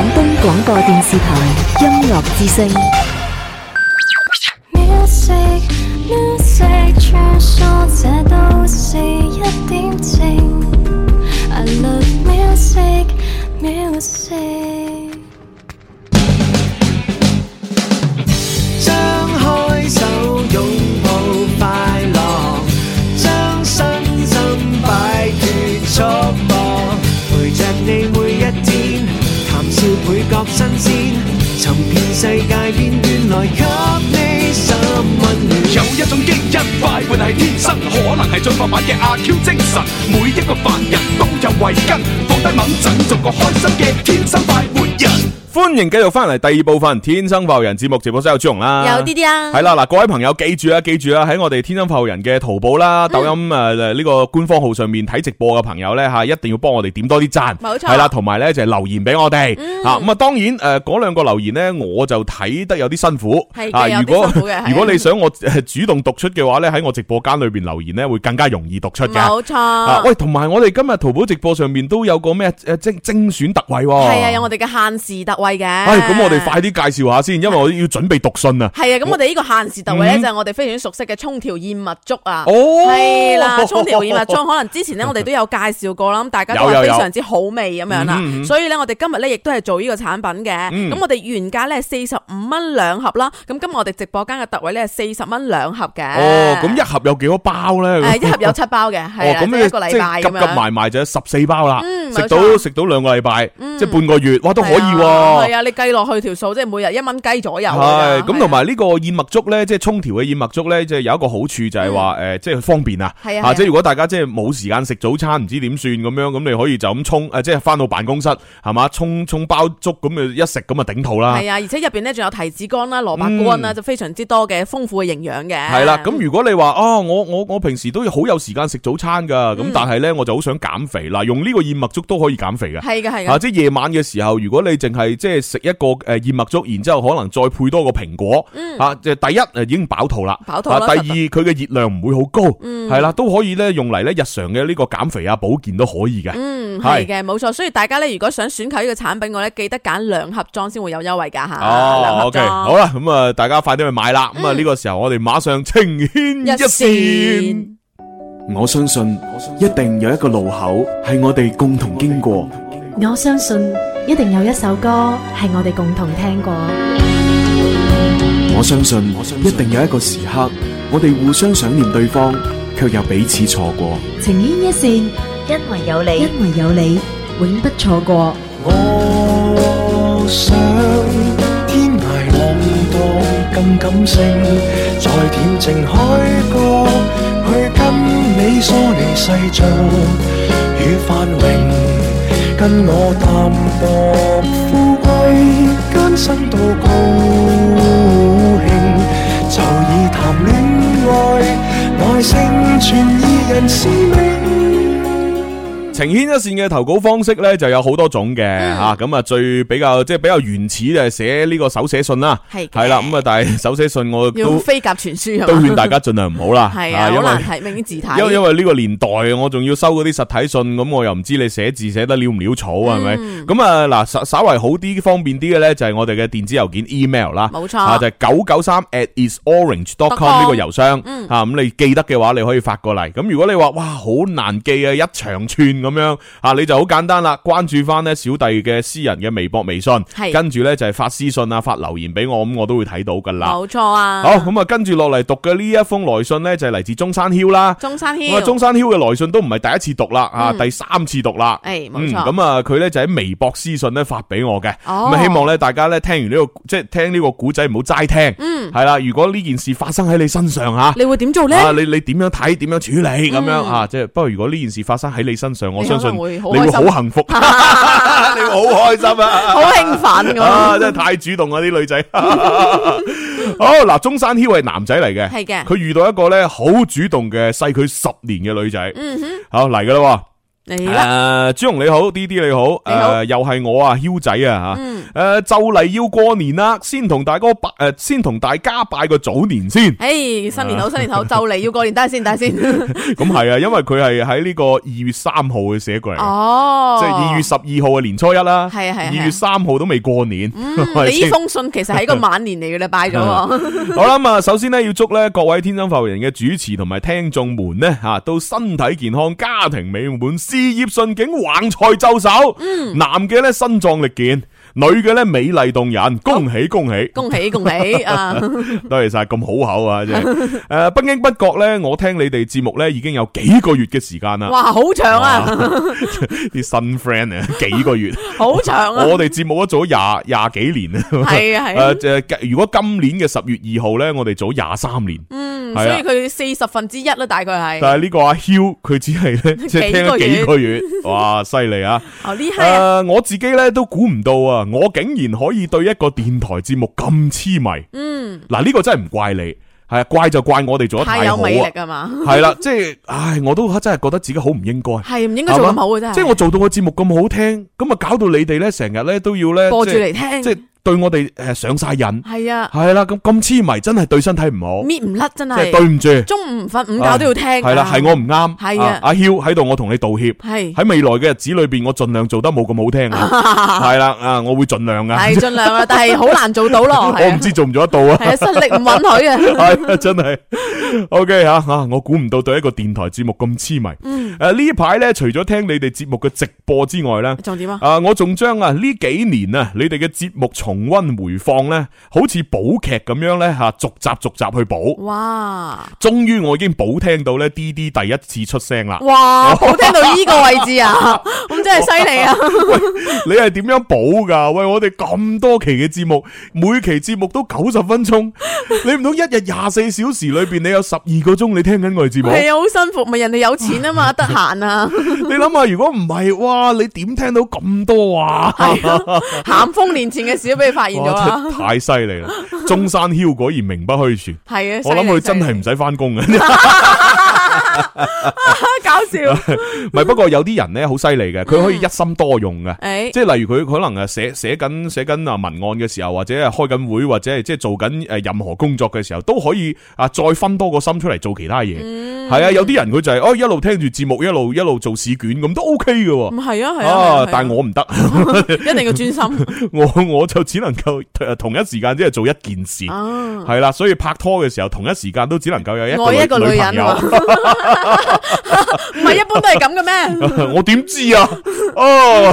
廣東廣播電視台音樂之聲。每一個凡人都有慧根，放低矛盾，做個開心嘅天生快活人。歡迎繼續翻嚟第二部分《天生快活人》節目直播室有朱蓉啦，有啲啲啊，係啦嗱，各位朋友記住啊，記住啊，喺我哋《天生快活人》嘅淘寶啦、抖音啊呢、呃這個官方號上面睇直播嘅朋友咧吓，一定要幫我哋點多啲贊，冇錯，係啦，同埋咧就係、留言俾我哋啊，咁、嗯、啊，當然誒、嗰、呃、兩個留言咧我就睇得有啲辛苦啊，如果如果你想我主動讀出嘅話咧，喺我直播間裏邊留言咧會更加容易讀出嘅，冇錯。喂、啊、同、哎、埋我哋今日淘寶直播上面都有個咩誒、啊、精精、精選特惠喎、啊，係啊，有我哋嘅限時特惠。係、哎、咁我哋快啲介紹下先，因為我要準備讀信啊。係啊，咁我哋呢個限時特惠咧，就係我哋非常熟悉嘅沖調燕麥粥啊。哦，係啦，沖調燕麥粥可能之前呢，我哋都有介紹過啦，咁大家都話非常之好味咁樣啦。有有有，所以呢，我哋今日咧亦都係做呢個產品嘅。咁、嗯、我哋原價咧四十五蚊兩盒啦。咁今日我哋直播間嘅特惠咧係四十蚊兩盒嘅。哦，咁一盒有幾多包咧？一盒有七包嘅。咁你、哦、即係急急埋埋就十四包啦。食到食到兩個禮拜，嗯禮拜嗯、即係半個月，哇，都可以喎。係啊，你計落去條數，即係每日一蚊雞左右。係咁，同埋呢個燕麥粥咧，即係沖調嘅燕麥粥咧，即係有一個好處就係話誒，即係、啊呃就是、方便啊。係啊，啊，即係如果大家即係冇時間食早餐，唔知點算咁樣，咁你可以就咁沖誒，即係翻到辦公室係嘛，沖沖包粥咁啊，一食咁啊頂肚啦。係啊，而且入邊咧仲有提子乾啦、蘿蔔乾啦，就、嗯、非常之多嘅豐富嘅營養嘅。係啦、啊，咁如果你話啊、哦，我我我平時都要好有時間食早餐噶，咁、嗯、但係咧我就好想減肥嗱，用呢個燕麥粥都可以減肥嘅。係嘅，係啊，即係夜晚嘅時候，如果你淨係。即係食一個誒燕麥粥，然之後可能再配多個蘋果，吓，就第一誒已經飽肚啦。飽肚第二佢嘅熱量唔會好高，係啦，都可以咧用嚟，咧日常嘅呢個減肥啊、保健都可以嘅。嗯、係、啊、嘅，冇錯、啊嗯嗯。所以大家咧如果想選購呢個產品，我咧記得揀兩盒裝先會有優惠噶吓。啊、哦、，OK，好啦，咁啊，大家快啲去買啦。咁、嗯、啊，呢個時候我哋馬上情牽一,一線。我相信一定有一個路口係我哋共同經過。我相信。一定有一首歌係我哋共同聽過，我。我相信，一定有一個時刻，我哋互相想念對方，卻又彼此錯過。情牽一線，因為有你，因為有你，永不錯過。我想天涯浪蕩更感性，在恬靜海角去跟你疏離世俗與繁榮，跟我淡薄富貴，艱辛都高興，就以談戀愛來成全意人使命。情牽一線嘅投稿方式咧，就有好多種嘅吓，咁、嗯、啊最比較即係比較原始就係寫呢個手寫信、啊、手寫信啦，係啦，咁啊但係手寫信我要飛鴿傳書都勸大家盡量唔好啦，係啊，因為因為呢個年代我仲要收啲實體信，咁我又唔知你寫字寫得潦唔潦草、嗯、啊，係咪？咁啊嗱稍稍為好啲方便啲嘅咧就係我哋嘅電子郵件 email 啦，冇錯，啊，就係、是、九九三 at is orange dot com 呢、嗯這個郵箱，吓、啊、咁、嗯、你記得嘅話你可以發過嚟。咁如果你話哇好難記啊一長串。咁樣啊，你就好簡單啦，關注翻咧小弟嘅私人嘅微博微信，跟住咧就係、是、發私信啊，發留言俾我，咁我都會睇到噶啦。冇錯啊。好，咁啊跟住落嚟讀嘅呢一封來信呢，就係、是、嚟自中山囂啦。中山囂，中山囂嘅來信都唔係第一次讀啦、嗯，啊，第三次讀啦。咁、哎、啊，佢呢、嗯、就喺微博私信咧發俾我嘅，咁、哦、希望咧大家咧聽完呢、這個即係聽呢個古仔唔好齋聽，嗯，係啦。如果呢件事發生喺你身上吓，你會點做咧、啊？你你點樣睇？點樣處理？咁樣、嗯、啊，即係不過如果呢件事發生喺你身上。我相信你會，你會好幸福， 你會好開心啊！ 好興奮噶， 啊，真係太主動啊！啲女仔， 好嗱，中山呢位男仔嚟嘅，係嘅，佢遇到一個咧好主動嘅細佢十年嘅女仔，嗯哼好，好嚟噶啦。你、哎 uh, 朱紅你好，D D 你好，你好你好 uh, 又係我啊，囂仔啊吓，誒，就嚟要過年啦，先同大哥拜，誒、uh, 先同大家拜個早年先。誒、hey, 新年好，新年好，uh、就嚟要過年，帶先帶先。咁係 啊，因為佢係喺呢個二月三號佢寫過嚟，哦，即係二月十二號嘅年初一啦。係啊係，二月三號都未過年。是是是嗯、 你呢封信其實係一個晚年嚟嘅啦， 拜咗了我。 好啦，咁啊，首先呢，要祝咧各位天生發言人嘅主持同埋聽眾們呢，吓、啊，都身體健康，家庭美滿。事業順境橫財就手。嗯、男嘅，呢身壯力健。女嘅咧美麗動人，恭喜、哦、恭喜恭喜 恭喜啊！多謝晒咁好口啊！誒，不經不覺咧，我聽你哋節目咧已經有幾個月嘅時間啦。哇，好長啊！啲、啊、新 friend 啊 20, 20月、嗯個 Hugh,，幾個月，好長啊！我哋節目都做咗廿廿幾年啦，係啊係啊。即誒，如果今年嘅十月二號咧，我哋做廿三年，嗯，所以佢四十分之一啦，大概係。但係呢個阿囂，佢只係咧即係聽咗幾個月，哇，犀利啊！誒、 啊，我自己咧都估唔到啊！我竟然可以對一個電台節目咁痴迷，嗯，嗱、啊、呢個真係唔怪你，係啊，怪就怪我哋做得太好啊，係啦、 啊，即係，唉，我都真係覺得自己好唔應該，係唔應該做得好嘅啫。即係我做到個節目咁好聽，咁啊搞到你哋咧，成日咧都要咧播住嚟聽，即係。即對我哋誒上晒癮係啊，係啦咁咁痴迷，真係對身體唔好，搣唔甩真係。即係對唔住，中午瞓午覺都要聽，係啦係我唔啱，係啊，阿囂喺度，我同你道歉，係喺未來嘅日子裏邊，我盡量做得冇咁好聽，係啦啊，我會盡量噶，係盡量啊，但係好難做到咯，我唔知做唔做得到啊，係實力唔允許啊，係真係，OK 吓吓，我估唔到對一個電台節目咁痴迷，誒呢排咧，除咗聽你哋節目嘅直播之外咧，仲點啊？誒，我仲將啊呢幾年啊，你哋嘅節目從重溫回放咧，好似補劇咁樣咧，吓逐集逐集去補。哇！終於我已經補聽到咧啲啲第一次出聲啦。哇！好聽到呢個位置啊，咁真係犀利啊！你係點樣補噶？喂，我哋咁多期嘅節目，每期節目都九十分鐘，你唔通一日廿四小時裏邊，你有十二個鐘你聽緊我哋節目？係啊，好辛苦咪人哋有錢啊嘛，得閒啊！你諗下，如果唔係，哇，你點聽到咁多啊？咸豐年前嘅小貝發現咗啊！太犀利啦！中山囂果然名不虛傳，係啊！我諗佢真係唔使翻工嘅。咪 不過有啲人咧好犀利嘅，佢可以一心多用嘅、嗯，即係例如佢可能誒寫寫緊寫緊啊文案嘅時候，或者係開緊會，或者係即係做緊誒任何工作嘅時候，都可以啊再分多個心出嚟做其他嘢。係、嗯、啊，有啲人佢就係、是、哦、哎、一路聽住節目，一路一路做試卷咁都 OK 嘅。係啊，係啊，啊，啊，但係我唔得， 一定要專心。 我我就只能夠同一時間即係做一件事，係、啊、啦、啊。所以拍拖嘅時候，同一時間都只能夠有一個女，我一個女人。 唔係一般都係咁嘅咩？ 我點知啊？哦、oh,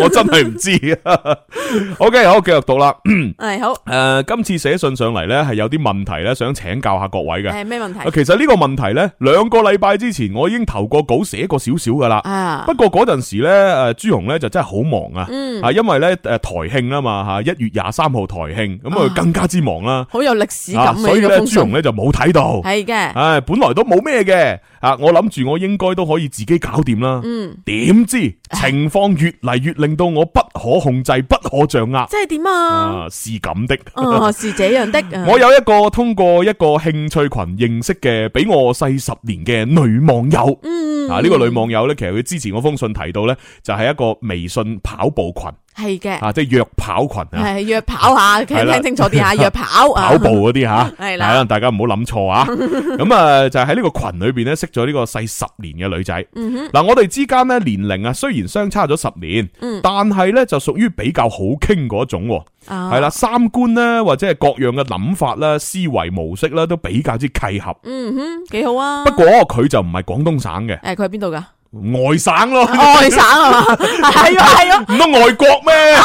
我真係唔知 okay。O K，好繼續讀啦。係好誒， uh, 今次寫信上嚟咧係有啲問題咧，想請教下各位嘅。係、呃、咩問題？其實呢個問題咧，兩個禮拜之前我已經投過稿寫過少少噶啦。啊，不過嗰陣時咧，誒朱紅咧就真係好忙、啊嗯、忙啊。啊，因為咧誒台慶啦嘛吓，一月廿三號台慶，咁啊更加之忙啦。好有歷史感、啊，所以咧朱紅咧就冇睇到。係嘅。誒、啊，本來都冇咩嘅。啊！我諗住我應該都可以自己搞掂啦。嗯，點知情況越嚟越令到我不可控制，不可掌握。即係點啊？啊，是咁的。哦，是這樣的。我有一個通過一個興趣群認識嘅，比我細十年嘅女網友。嗯，啊、呢、這個女網友呢，其實佢之前嗰封信提到呢，就係、是、一個微信跑步群。係嘅，啊，即、就、係、是、約跑群啊，係約跑啊，聽，聽清楚啲吓，約跑、啊，跑步嗰啲吓，係 啦，大家唔好諗錯啊。咁 啊，就喺、是、呢個群裏邊咧，識咗呢個細十年嘅女仔。嗱、嗯啊，我哋之間咧年齡啊，雖然相差咗十年，嗯、但係咧就屬於比較好傾嗰種，係、啊、啦，三觀咧或者係各樣嘅諗法啦、思維模式啦，都比較之契合。嗯哼，幾好啊。不過佢就唔係廣東省嘅。誒、欸，佢喺邊度噶？外省咯， 外省啊嘛，係啊係啊，唔通、啊啊、外國咩？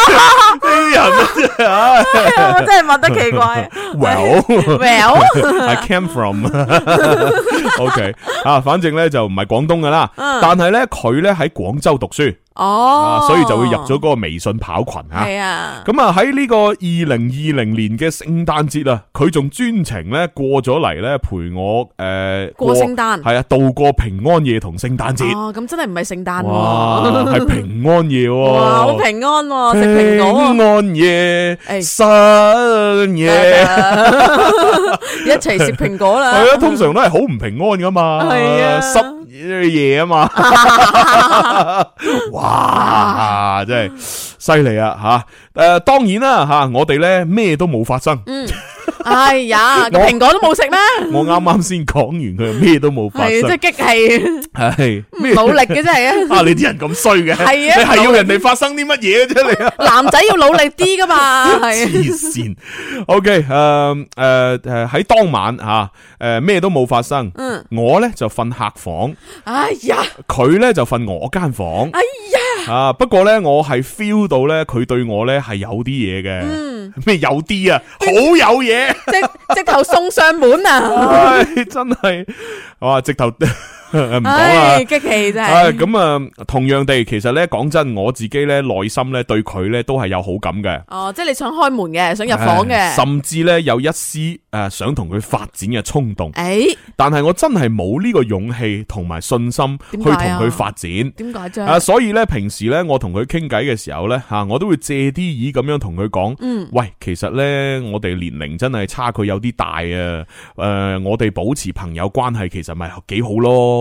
啲、啊、人真、啊、係、啊哎，我真係問得奇怪。 Well，well，I came from。 OK，啊，反正咧就唔係廣東噶啦、嗯，但係咧佢咧喺廣州讀書。哦、oh,，所以就會入咗個微信跑群吓。係啊，咁啊喺呢個二零二零年嘅聖誕節啦，佢仲專程咧過咗嚟咧陪我誒過聖誕，係啊，度過平安夜同聖誕節。哦，咁真係唔係聖誕，係平安夜喎。哇，好平安，食蘋果。平安夜，濕夜，一齊食蘋果啦、啊。通常都係好唔平安噶嘛，係啊，濕嘢啊嘛。哇！ 哇！真係犀利啊吓，誒、啊，當然啦、啊、吓，我哋咧咩都冇發生、嗯。哎呀，蘋 果都冇食咩？我啱啱先講完佢咩都冇發生，即係激氣，係咩努力嘅真係啊！啊，你啲人咁衰嘅，係啊，你係要人哋發生啲乜嘢啫你？男仔要努力啲噶嘛，係啊。黐線，OK，誒誒誒，喺當晚吓，誒咩都冇發生。嗯，我咧就瞓客房。哎呀，佢咧就瞓我間房。哎呀。啊！不過咧，我係 feel 到咧，佢對我咧係有啲嘢嘅。嗯，咩有啲啊？好有嘢，直直頭送上門啊！唉 、哎，真係，哇！直頭。唔 講啊激氣真係。咁啊，同樣地，其實咧講真，我自己咧內心咧對佢咧都係有好感嘅。哦，即係你想開門嘅，想入房嘅，啊，甚至咧有一絲誒，啊，想同佢發展嘅衝動。誒，欸，但係我真係冇呢個勇氣同埋信心去同佢發展。點解啊，啊，所以咧平時咧我同佢傾偈嘅時候咧吓，啊，我都會借啲意咁樣同佢講，嗯，喂，其實咧我哋年齡真係差距有啲大啊。誒，啊，我哋保持朋友關係其實咪幾好咯。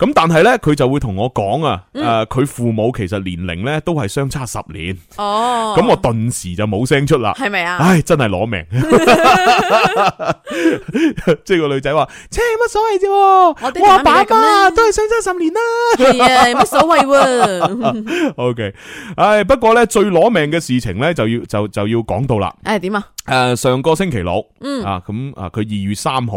咁但係咧，佢就會同我講啊，誒、嗯，佢、呃、父母其實年齡咧都係相差十年。哦，咁我頓時就冇聲出啦。係咪啊？唉，真係攞命。即 係 個女仔話，車 乜所謂啫？我話阿爸阿媽都係相差十年啦。係啊，乜所謂 ？OK，唉，不過咧最攞命嘅事情咧就要就就要講到啦。唉、哎，點啊？誒、呃，上個星期六，嗯啊，咁啊，佢二月三號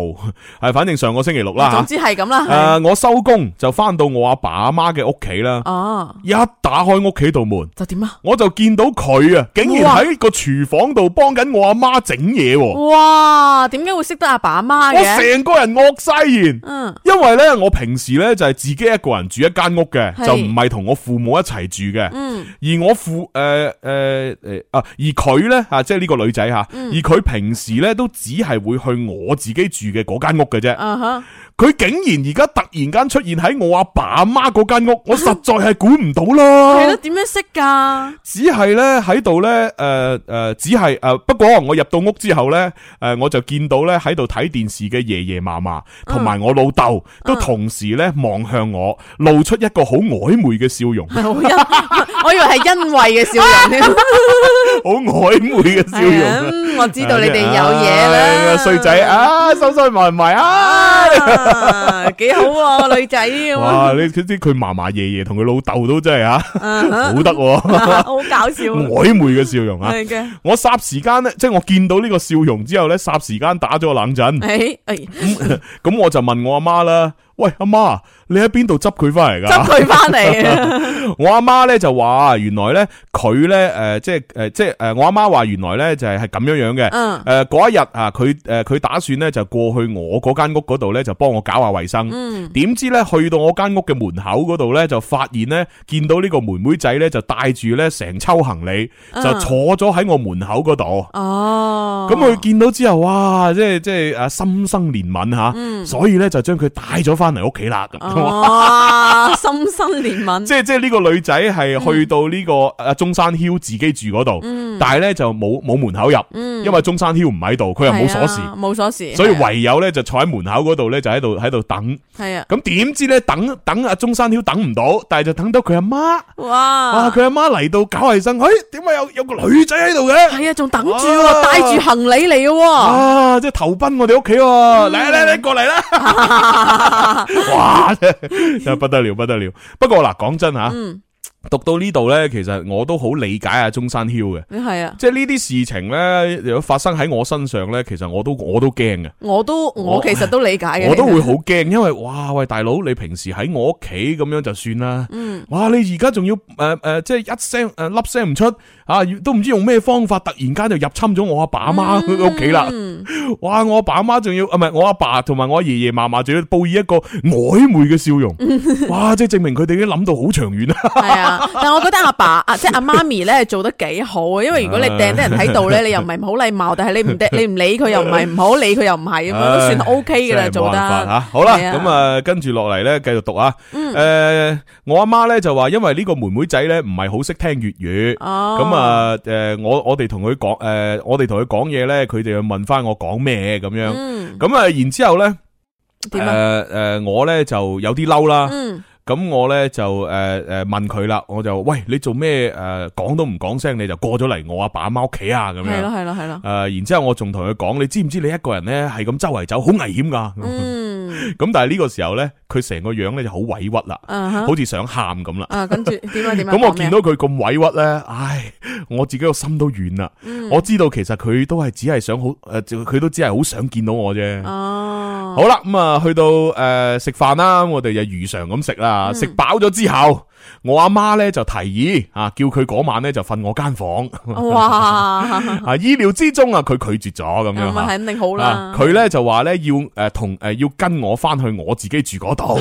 係，反正上個星期六啦。總之係咁啦。誒、啊啊，我收工。就翻到我阿爸阿媽嘅屋企啦。啊，一打開屋企度門就點啊？我就見到佢啊，竟然喺個廚房度幫緊我阿媽整嘢。哇，點解會識得阿爸阿媽嘅？我成個人惡晒然。嗯，因為咧，我平時咧就係自己一個人住一間屋嘅，就唔係同我父母一齊住嘅。嗯，而我父誒誒誒啊，而佢咧啊，即係呢個女仔吓，嗯，而佢平時咧都只係會去我自己住嘅嗰間屋嘅啫。啊哈，佢竟然而家突然間出現。喺我阿爸阿媽嗰間屋，我實在係管唔到啦。係咯，點樣識㗎？只係咧喺度咧，誒、呃、誒、呃，只係誒、呃。不過我入到屋之後咧，誒、呃，我就見到咧喺度睇電視嘅爺爺嫲嫲同埋我老豆，都同時咧望向我，露出一個好曖昧嘅笑容。嗯、 我以為係欣慰嘅笑容，好、啊、曖 昧嘅笑容、嗯。我知道你哋有嘢啦，衰仔啊，收收埋埋啊，幾、啊啊啊啊啊、好啊，啊女仔。哇！你佢知佢嫲嫲爺爺同佢老豆都真係啊，好、uh -huh. 得，好、uh、搞 -huh. uh -huh. 笑，曖昧嘅笑容啊！ 我霎時間咧，即、就、係、是、我見到呢個笑容之後咧，霎時間打咗個冷震。誒、uh、咁 -huh. 我就問我阿媽啦。喂，阿媽，你喺邊度執佢翻嚟噶？執佢翻嚟，我阿媽咧就話，原來咧佢咧，誒，即係，誒，即係，誒，我阿媽話原來咧就係係咁樣樣嘅。嗯。誒、呃，嗰一日啊，佢誒，佢、呃、打算咧就過去我嗰間屋嗰度咧就幫我搞下衛生。嗯。點知咧去到我間屋嘅門口嗰度咧就發現咧見到呢個妹妹仔咧就帶住咧成抽行李，嗯、就坐咗喺我門口嗰度。哦。咁佢見到之後，哇，即係即係誒，心生憐憫吓，所以咧就將佢帶咗翻。翻嚟屋企啦咁，心生憐憫，即係即係呢個女仔係去到呢個阿中山囂自己住嗰度，但係咧就冇冇門口入，嗯、因為中山囂唔喺度，佢又冇鎖匙，冇鎖、啊、匙，所以唯有咧就坐喺門口嗰度咧就喺度喺度等，係啊，咁點知咧等等阿中山囂等唔到，但係就等到佢阿媽，哇佢阿媽嚟到搞衛生，哎點解有有個女仔喺度嘅？係啊，仲等住帶住行李嚟嘅、啊啊，啊即係投奔我哋屋企喎，嚟嚟嚟過嚟啦！哇，真係不得了，不得了！不過嗱，講真吓、嗯，讀到呢度咧，其實我都好理解啊中山 h 嘅，係啊，即係呢啲事情咧，如果發生喺我身上咧，其實我都我都驚嘅，我都，我，都我其實都理解嘅，我都會好驚，因為哇，喂，大佬，你平時喺我屋企咁樣就算啦，嗯，哇，你而家仲要誒誒，即、呃、係、呃、一聲誒粒聲唔出。啊，都唔知用咩方法，突然間就入侵咗我阿爸阿媽佢屋企啦！哇，我阿爸阿媽仲要啊，唔係我阿爸同埋我爺爺嫲嫲，仲要報以一個曖昧嘅笑容，嗯。哇，即係證明佢哋已經諗到好長遠啊！嗯。 但係我覺得阿爸啊， 即係阿媽咪咧，做得幾好啊！因為如果你掟啲人喺度咧，你又唔係好禮貌，啊，但係你唔掟，你唔理佢又唔係唔好理佢又唔係咁都算 OK 噶啦，做得吓，啊。好啦，咁啊，跟住落嚟咧，繼續讀，嗯，啊。誒，我阿媽咧就話，因為呢個妹妹仔咧唔係好識聽粵語哦咁啊，誒、嗯，我我哋同佢講，誒，我哋同佢講嘢咧，佢就要問翻我講咩咁樣。咁啊，然之後咧，誒誒，我咧就有啲嬲啦。咁我咧就誒誒問佢啦，我就，喂，你做咩誒講都唔講聲，你就過咗嚟我阿爸阿媽屋企啊？咁樣係咯係咯係咯。誒，然之後我仲同佢講，你知唔知你一個人咧係咁周圍走，好危險噶。嗯咁但係呢個時候咧，佢成個樣咧就好委屈啦，uh huh. 好似想喊咁啦。Uh huh. 啊，跟住點樣點樣！咁 我見到佢咁委屈咧，樣唉，我自己個心都軟啦。嗯、我知道其實佢都係只係想好，誒、呃，佢都只係好想見到我啫。哦、oh.，好啦，咁啊，去到誒食飯啦，我哋就如常咁食啦，食飽咗之後。我阿媽咧就提議啊，叫佢嗰晚咧就瞓我間房。哇！啊， 意料之中啊，佢拒絕咗咁樣。咁啊，肯定好啦。佢咧就話咧要誒同誒要跟我翻去我自己住嗰度。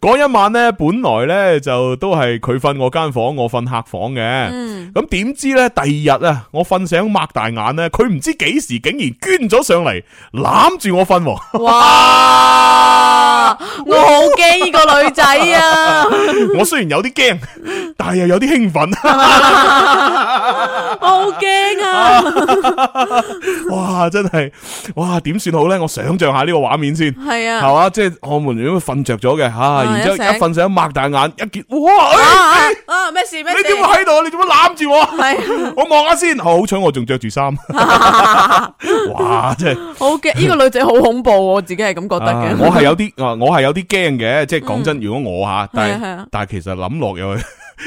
嗰 一晚咧本來咧就都係佢瞓我間房，我瞓客房嘅。嗯。咁點知咧第二日啊，我瞓醒擘大眼咧，佢唔知幾時竟然捐咗上嚟攬住我瞓。哇！ 我好驚呢個女仔啊！ 我雖然有啲驚，但係又有啲興奮。 我好驚啊 哇！哇，真係哇，點算好咧？我想象下呢個畫面先。係啊，係嘛？即、就、係、是、我們如果瞓着咗嘅，吓、啊啊，然之後一瞓醒擘大眼，一見，哇！咩、啊欸啊啊、事咩、欸啊、事？你點會喺度？你做乜攬住我？係、啊，我望下先。好彩我仲着住衫。哇！即係好驚，呢個女仔好恐怖， 我自己係咁覺得嘅、啊。我係有啲 我係有啲驚嘅，即係講真，如果我吓，但係、嗯啊、但係其實諗落又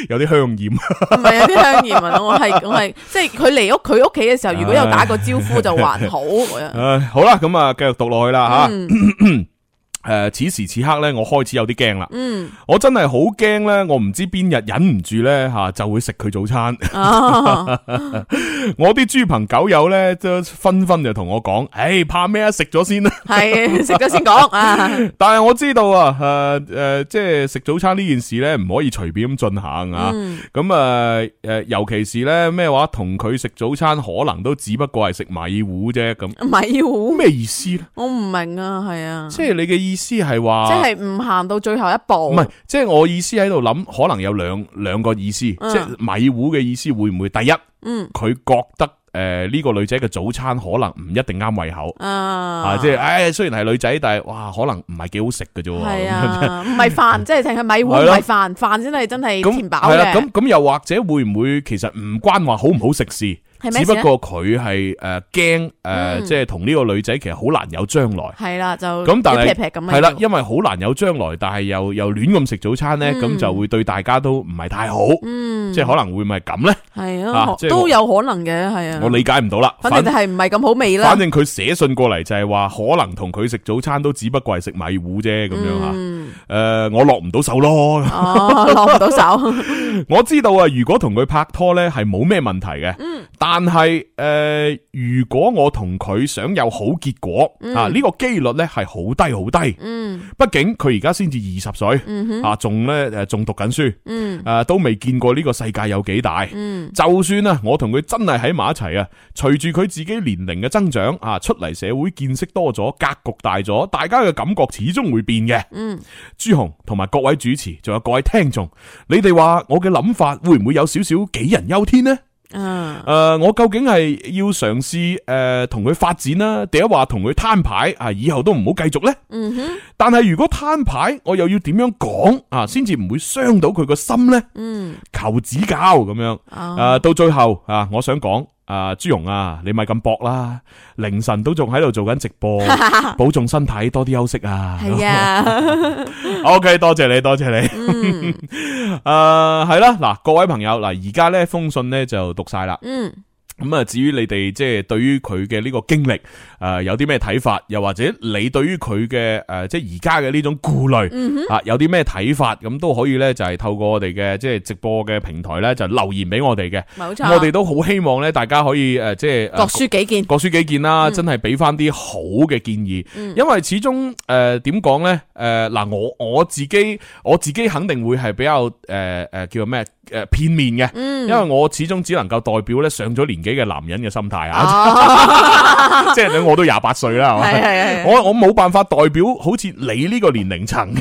有啲香艷，唔係有啲香艷啊！我係我係即係佢嚟屋佢屋企嘅時候，如果有打過招呼、哎、就還好。誒、哎哎哎哎哎哎哎哎，好啦，咁啊，繼續讀落去啦吓。誒、嗯啊，此時此刻咧，我開始有啲驚啦。嗯，我真係好驚咧，我唔知邊日忍唔住咧吓，就會食佢早餐。啊 我啲豬朋狗友咧，就紛紛就同我講：誒，怕咩啊？食咗先啦，係食咗先講啊。但係我知道啊，誒、呃、誒、呃，即係食早餐呢件事咧，唔可以隨便咁進行、嗯、啊。咁啊，誒，尤其是咧咩話，同佢食早餐可能都只不過係食米糊啫。咁米糊咩意思咧？我唔明啊，係啊即，即係你嘅意思係話，即係唔行到最後一步，唔係即係我意思喺度諗，可能有兩兩個意思，嗯、即係米糊嘅意思會唔會第一？嗯，佢覺得誒呢、呃這個女仔嘅早餐可能唔一定啱胃口啊，啊，即係誒、哎、雖然係女仔，但係哇可能唔係幾好食嘅啫，係啊，唔係飯，即係淨係米糊唔係飯，飯、啊、先係真係填飽嘅。咁、嗯、咁、啊、又或者會唔會其實唔關話好唔好食事？是只不過佢係誒驚誒，呃呃嗯、即係同呢個女仔其實好難有將來。係、嗯、啦、嗯，就咁但係，係啦，因為好難有將來，但係又又亂咁食早餐咧，咁、嗯、就會對大家都唔係太好。嗯，即係可能會唔係咁咧？係啊，啊、就是，都有可能嘅，係啊。我理解唔到啦，反正係唔係咁好味啦。反正佢寫信過嚟就係話，可能同佢食早餐都只不過係食米糊啫咁、嗯、樣啊。誒、呃，我落唔到手咯、啊，落唔到手。 我知道啊，如果同佢拍拖咧，係冇咩問題嘅。嗯，但係誒、呃，如果我同佢想有好結果、嗯、啊，呢、這個機率呢係好低好低。嗯，畢竟佢而家先至二十歲，嗯啊，仲呢誒仲讀緊書，誒、嗯啊、都未見過呢個世界有幾大。嗯，就算啊，我同佢真係喺埋一齊啊，隨住佢自己年齡嘅增長啊，出嚟社會見識多咗，格局大咗，大家嘅感覺始終會變嘅。嗯，朱紅同埋各位主持，仲有各位聽眾，你哋話我嘅諗法會唔會有少少杞人憂天呢？嗯，誒，我究竟係要嘗試誒同佢發展啦，定係話同佢攤牌啊，以後都唔好繼續呢？嗯哼，mm -hmm. 但係如果攤牌，我又要點樣講啊，先至唔會傷到佢個心呢？嗯，mm -hmm. 求指教咁樣。誒、uh -huh. 呃，到最後啊，我想講。啊、呃，朱蓉啊，你咪咁搏啦！凌晨都仲喺度做緊直播， 保重身體，多啲休息啊！係 是啊 ，OK，多謝你，多謝你、嗯 呃。誒，係啦，嗱，各位朋友，嗱，而家呢封信呢，就讀晒啦。嗯。咁啊，至於你哋即係對於佢嘅呢個經歷，誒，有啲咩睇法？又或者你對於佢嘅誒，即係而家嘅呢種顧慮，啊，有啲咩睇法？咁、嗯、都可以咧，就係透過我哋嘅即係直播嘅平台咧，就留言俾我哋嘅。冇錯，我哋都好希望咧，大家可以誒，即係各抒己見，各抒己見啦，真係俾翻啲好嘅建議、嗯。因為始終誒，點講咧？誒，嗱、呃，我我自己我自己肯定會係比較誒誒、呃，叫做咩？誒，片面嘅，因為我始終只能夠代表咧上咗年紀嘅男人嘅心態啊，即 係你我都廿八歲啦，係我我冇辦法代表好似你呢個年齡層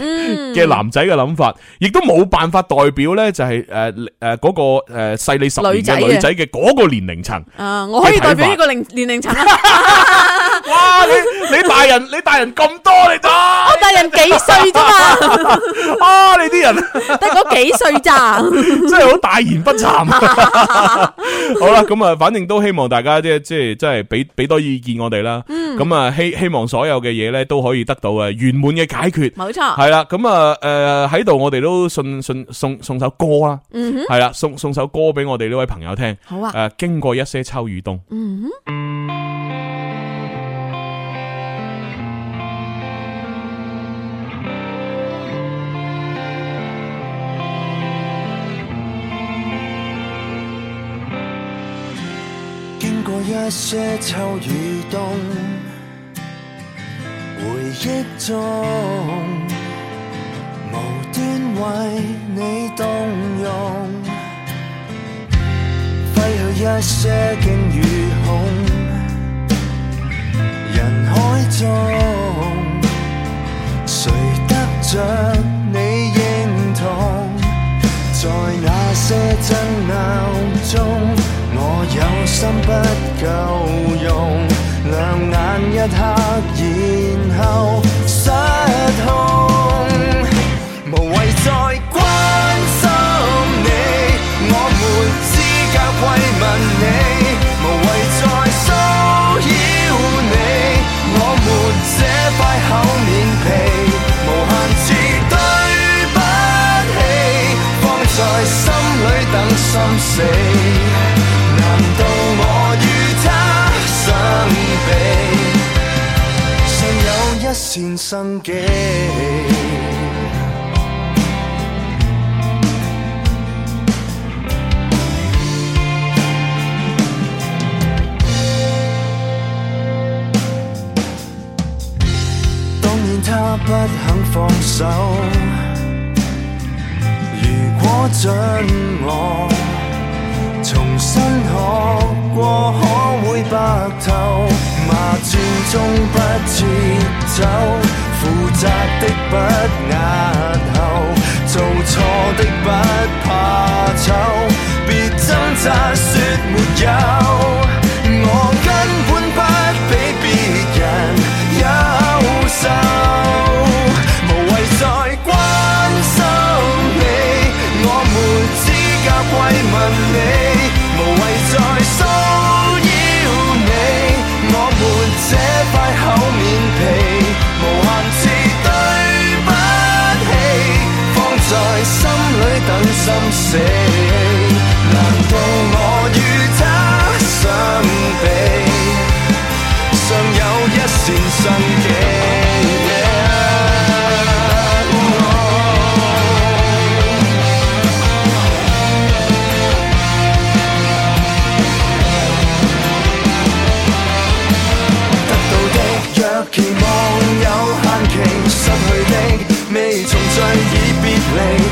嘅男仔嘅諗法，亦都冇辦法代表咧就係誒誒嗰個誒細你十年嘅女仔嘅嗰個年齡層。啊、呃，我可以代表呢個年齡層。 哇！你你大人你大人咁多你咋、啊？我大人幾歲啫嘛？啊！你啲人得嗰幾歲咋？真係好大言不慚啊！ 好啦，咁啊，反正都希望大家即係即係即係俾俾多意見我哋啦。咁啊希希望所有嘅嘢咧都可以得到誒圓滿嘅解決。冇錯。係啦，咁啊誒喺度我哋都送送送送首歌啦。係、嗯、啦，送送首歌俾我哋呢位朋友聽。好啊。誒，經過一些秋雨冬。嗯一些秋與冬，回憶中，無端為你動容。揮去一些驚與恐，人海中，誰得着你認同？在那些爭拗中。有心不夠用，兩眼一黑，然後失控。說沒有，我根本不比別人優秀。無謂再關心你，我沒資格慰問你。無謂再騷擾你，我沒這塊厚面皮。無限次對不起，放在心裏等心死。真 yeah,、uh -oh, 得到的若期望有限期，失去的未重聚已別離。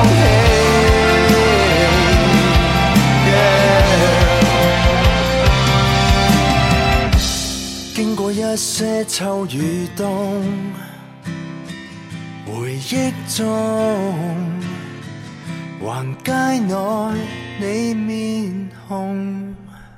一些秋與冬，回憶中，橫街內你面紅。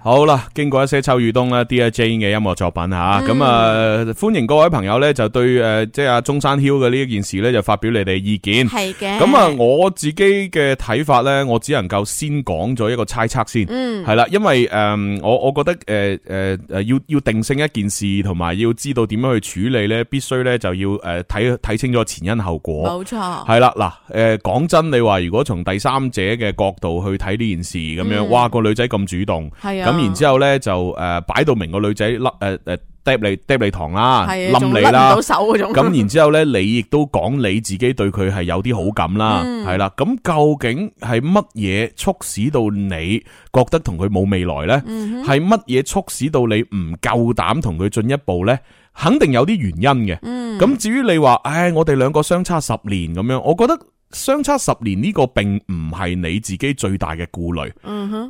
好啦，經過一些秋雨冬啦，DJ 嘅音樂作品吓，咁、嗯、啊，歡迎各位朋友咧，就對誒，即係阿中山囂嘅呢一件事咧，就發表你哋意見。係嘅。咁啊，我自己嘅睇法咧，我只能夠先講咗一個猜測先。嗯，係啦，因為誒、呃，我我覺得誒誒誒，要要定性一件事，同埋要知道點樣去處理咧，必須咧就要誒睇睇清楚前因後果。冇錯。係啦，嗱、呃，誒，講真，你話如果從第三者嘅角度去睇呢件事咁樣、嗯，哇，個女仔咁主動。係啊。咁然之後咧就誒、oh. 呃、擺到明個女仔甩誒誒揼你揼你糖啦，冧你啦。咁然之後咧， 你亦都講你自己對佢係有啲好感啦，係、嗯、啦。咁究竟係乜嘢促使到你覺得同佢冇未來咧？係乜嘢促使到你唔夠膽同佢進一步咧？肯定有啲原因嘅。咁、嗯、至於你話，唉，我哋兩個相差十年咁樣，我覺得。相差十年呢個並唔係你自己最大嘅顧慮，係、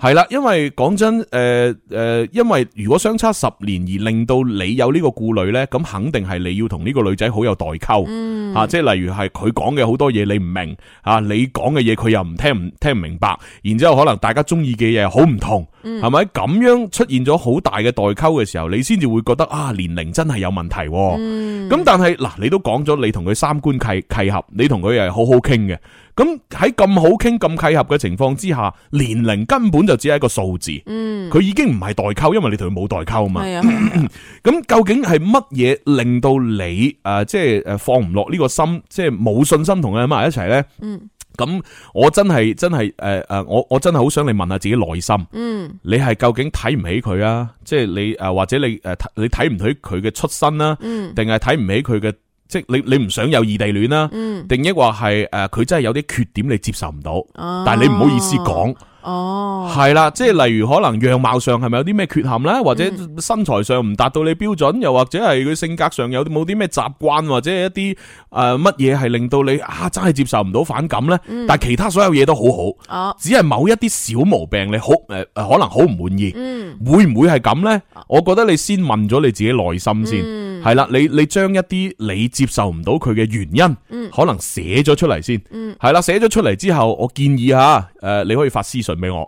嗯、啦，因為講真，誒、呃、誒、呃，因為如果相差十年而令到你有呢個顧慮咧，咁肯定係你要同呢個女仔好有代溝、嗯，啊，即係例如係佢講嘅好多嘢你唔明，啊，你講嘅嘢佢又唔聽唔聽唔明白，然之後可能大家中意嘅嘢好唔同，係咪咁樣出現咗好大嘅代溝嘅時候，你先至會覺得啊年齡真係有問題、啊，咁、嗯、但係嗱、啊，你都講咗你同佢三觀契契合，你同佢係好好傾嘅。咁喺咁好傾咁契合嘅情況之下，年齡根本就只係一個數字。嗯，佢已經唔係代溝，因為你同佢冇代溝啊嘛。係啊，咁 究竟係乜嘢令到你誒，即係誒放唔落呢個心，即係冇信心同佢喺埋一齊咧？嗯，咁我真係真係誒誒，我我真係好想你問下自己內心。嗯，你係究竟睇唔起佢啊？即係你誒，或者你誒、呃，你睇唔起佢嘅出身啊？嗯，定係睇唔起佢嘅？即你，你唔想有異地戀啦，定抑或係誒，佢、呃、真係有啲缺點你接受唔到、哦，但係你唔好意思講，係、哦、啦，即係例如可能樣貌上係咪有啲咩缺陷咧，或者身材上唔達到你標準，又或者係佢性格上有冇啲咩習慣，或者係一啲誒乜嘢係令到你啊真係接受唔到反感咧、嗯？但係其他所有嘢都好好，哦、只係某一啲小毛病你，你好誒可能好唔滿意，嗯、會唔會係咁咧？我覺得你先問咗你自己內心先、嗯。係啦，你你將一啲你接受唔到佢嘅原因，嗯、可能寫咗出嚟先。係啦、嗯，寫咗出嚟之後，我建議吓誒、呃，你可以發私信俾我，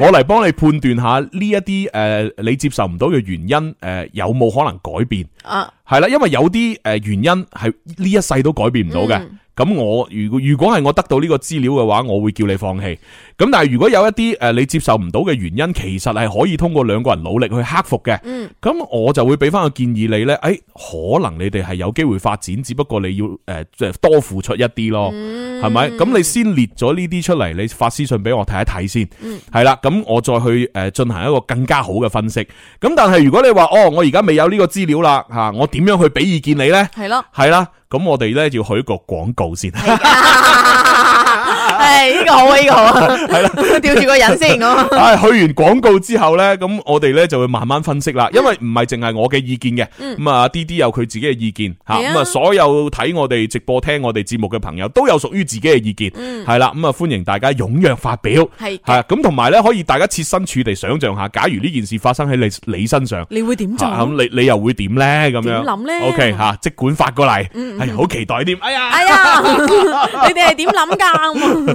我嚟幫你判斷下呢一啲誒，你接受唔到嘅原因誒、呃，有冇可能改變啊？係啦，因為有啲誒原因係呢一世都改變唔到嘅。咁、嗯、我如果如果係我得到呢個資料嘅話，我會叫你放棄。咁但係如果有一啲誒、呃、你接受唔到嘅原因，其實係可以通過兩個人努力去克服嘅。咁、嗯、我就會俾翻個建議你呢誒可能你哋係有機會發展，只不過你要誒即、呃、多付出一啲咯，係、嗯、咪？咁你先列咗呢啲出嚟，你發私信俾我睇一睇先。係、嗯、啦，咁我再去誒進、呃、行一個更加好嘅分析。咁但係如果你話哦，我而家未有呢個資料啦，吓我。點樣去俾意見你咧？係咯，係啦，咁我哋咧要去一個廣告先。 係 呢、這個好啊呢、這個好啊，係啦，吊住個人先咁 去完廣告之後呢，咁我哋呢就會慢慢分析啦。因為唔係淨係我嘅意見嘅，咁啊啲啲有佢自己嘅意見吓，咁啊、嗯、所有睇我哋直播聽我哋節目嘅朋友都有屬於自己嘅意見，係、嗯、啦，咁啊、嗯、歡迎大家踴躍發表，係，係咁同埋呢，可以大家設身處地想象下，假如呢件事發生喺你你身上，你會點做？咁、啊、你你又會點呢？咁樣點諗呢 OK 吓，即、okay, 啊、管發過嚟，係、嗯、好、哎、期待添。哎呀，哎呀， 你哋係點諗噶？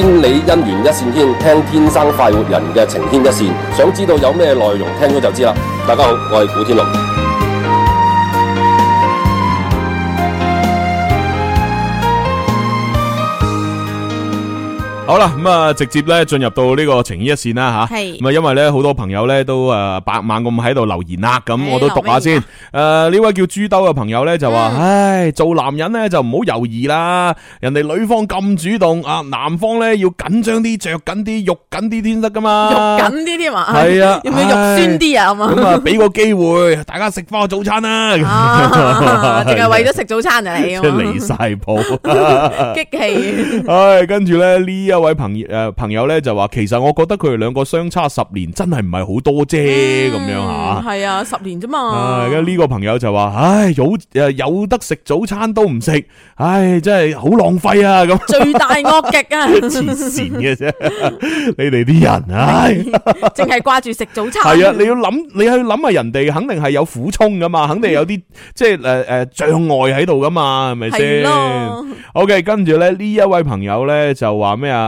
千里姻緣一線牽，聽天生快活人嘅情牽一線，想知道有咩內容，聽咗就知啦。大家好，我係古天樂。好啦，咁啊，直接咧進入到呢個情牽一線啦吓，咁啊，因為咧好多朋友咧都誒百忙咁喺度留言啦，咁、欸、我都讀下先。誒，呢、呃、位叫豬兜嘅朋友咧就話、嗯：，唉，做男人咧就唔好猶豫啦，人哋女方咁主動啊，男方咧要緊張啲、着緊啲、肉緊啲先得噶嘛。肉緊啲添嘛？係啊，要唔要肉酸啲啊？咁 啊，俾個機會大家食翻個早餐啦、啊，淨係為咗食早餐就嚟，即係離晒譜，激氣。唉，跟住咧呢一。一位朋友誒，朋友咧就話，其實我覺得佢哋兩個相差十年，真係唔係好多啫，咁樣吓，係啊，十年啫嘛。咁、啊、呢個朋友就話，唉，誒有，有得食早餐都唔食，唉，真係好浪費啊，咁罪大惡極啊，嘅 啫而， 你哋啲人，唉，淨係掛住食早餐。係啊，你要諗，你去諗下人哋肯定係有苦衷噶嘛，肯定有啲、嗯、即係誒誒障礙喺度噶嘛，係咪先？係咯。O K，跟住咧呢一位朋友咧就話咩啊？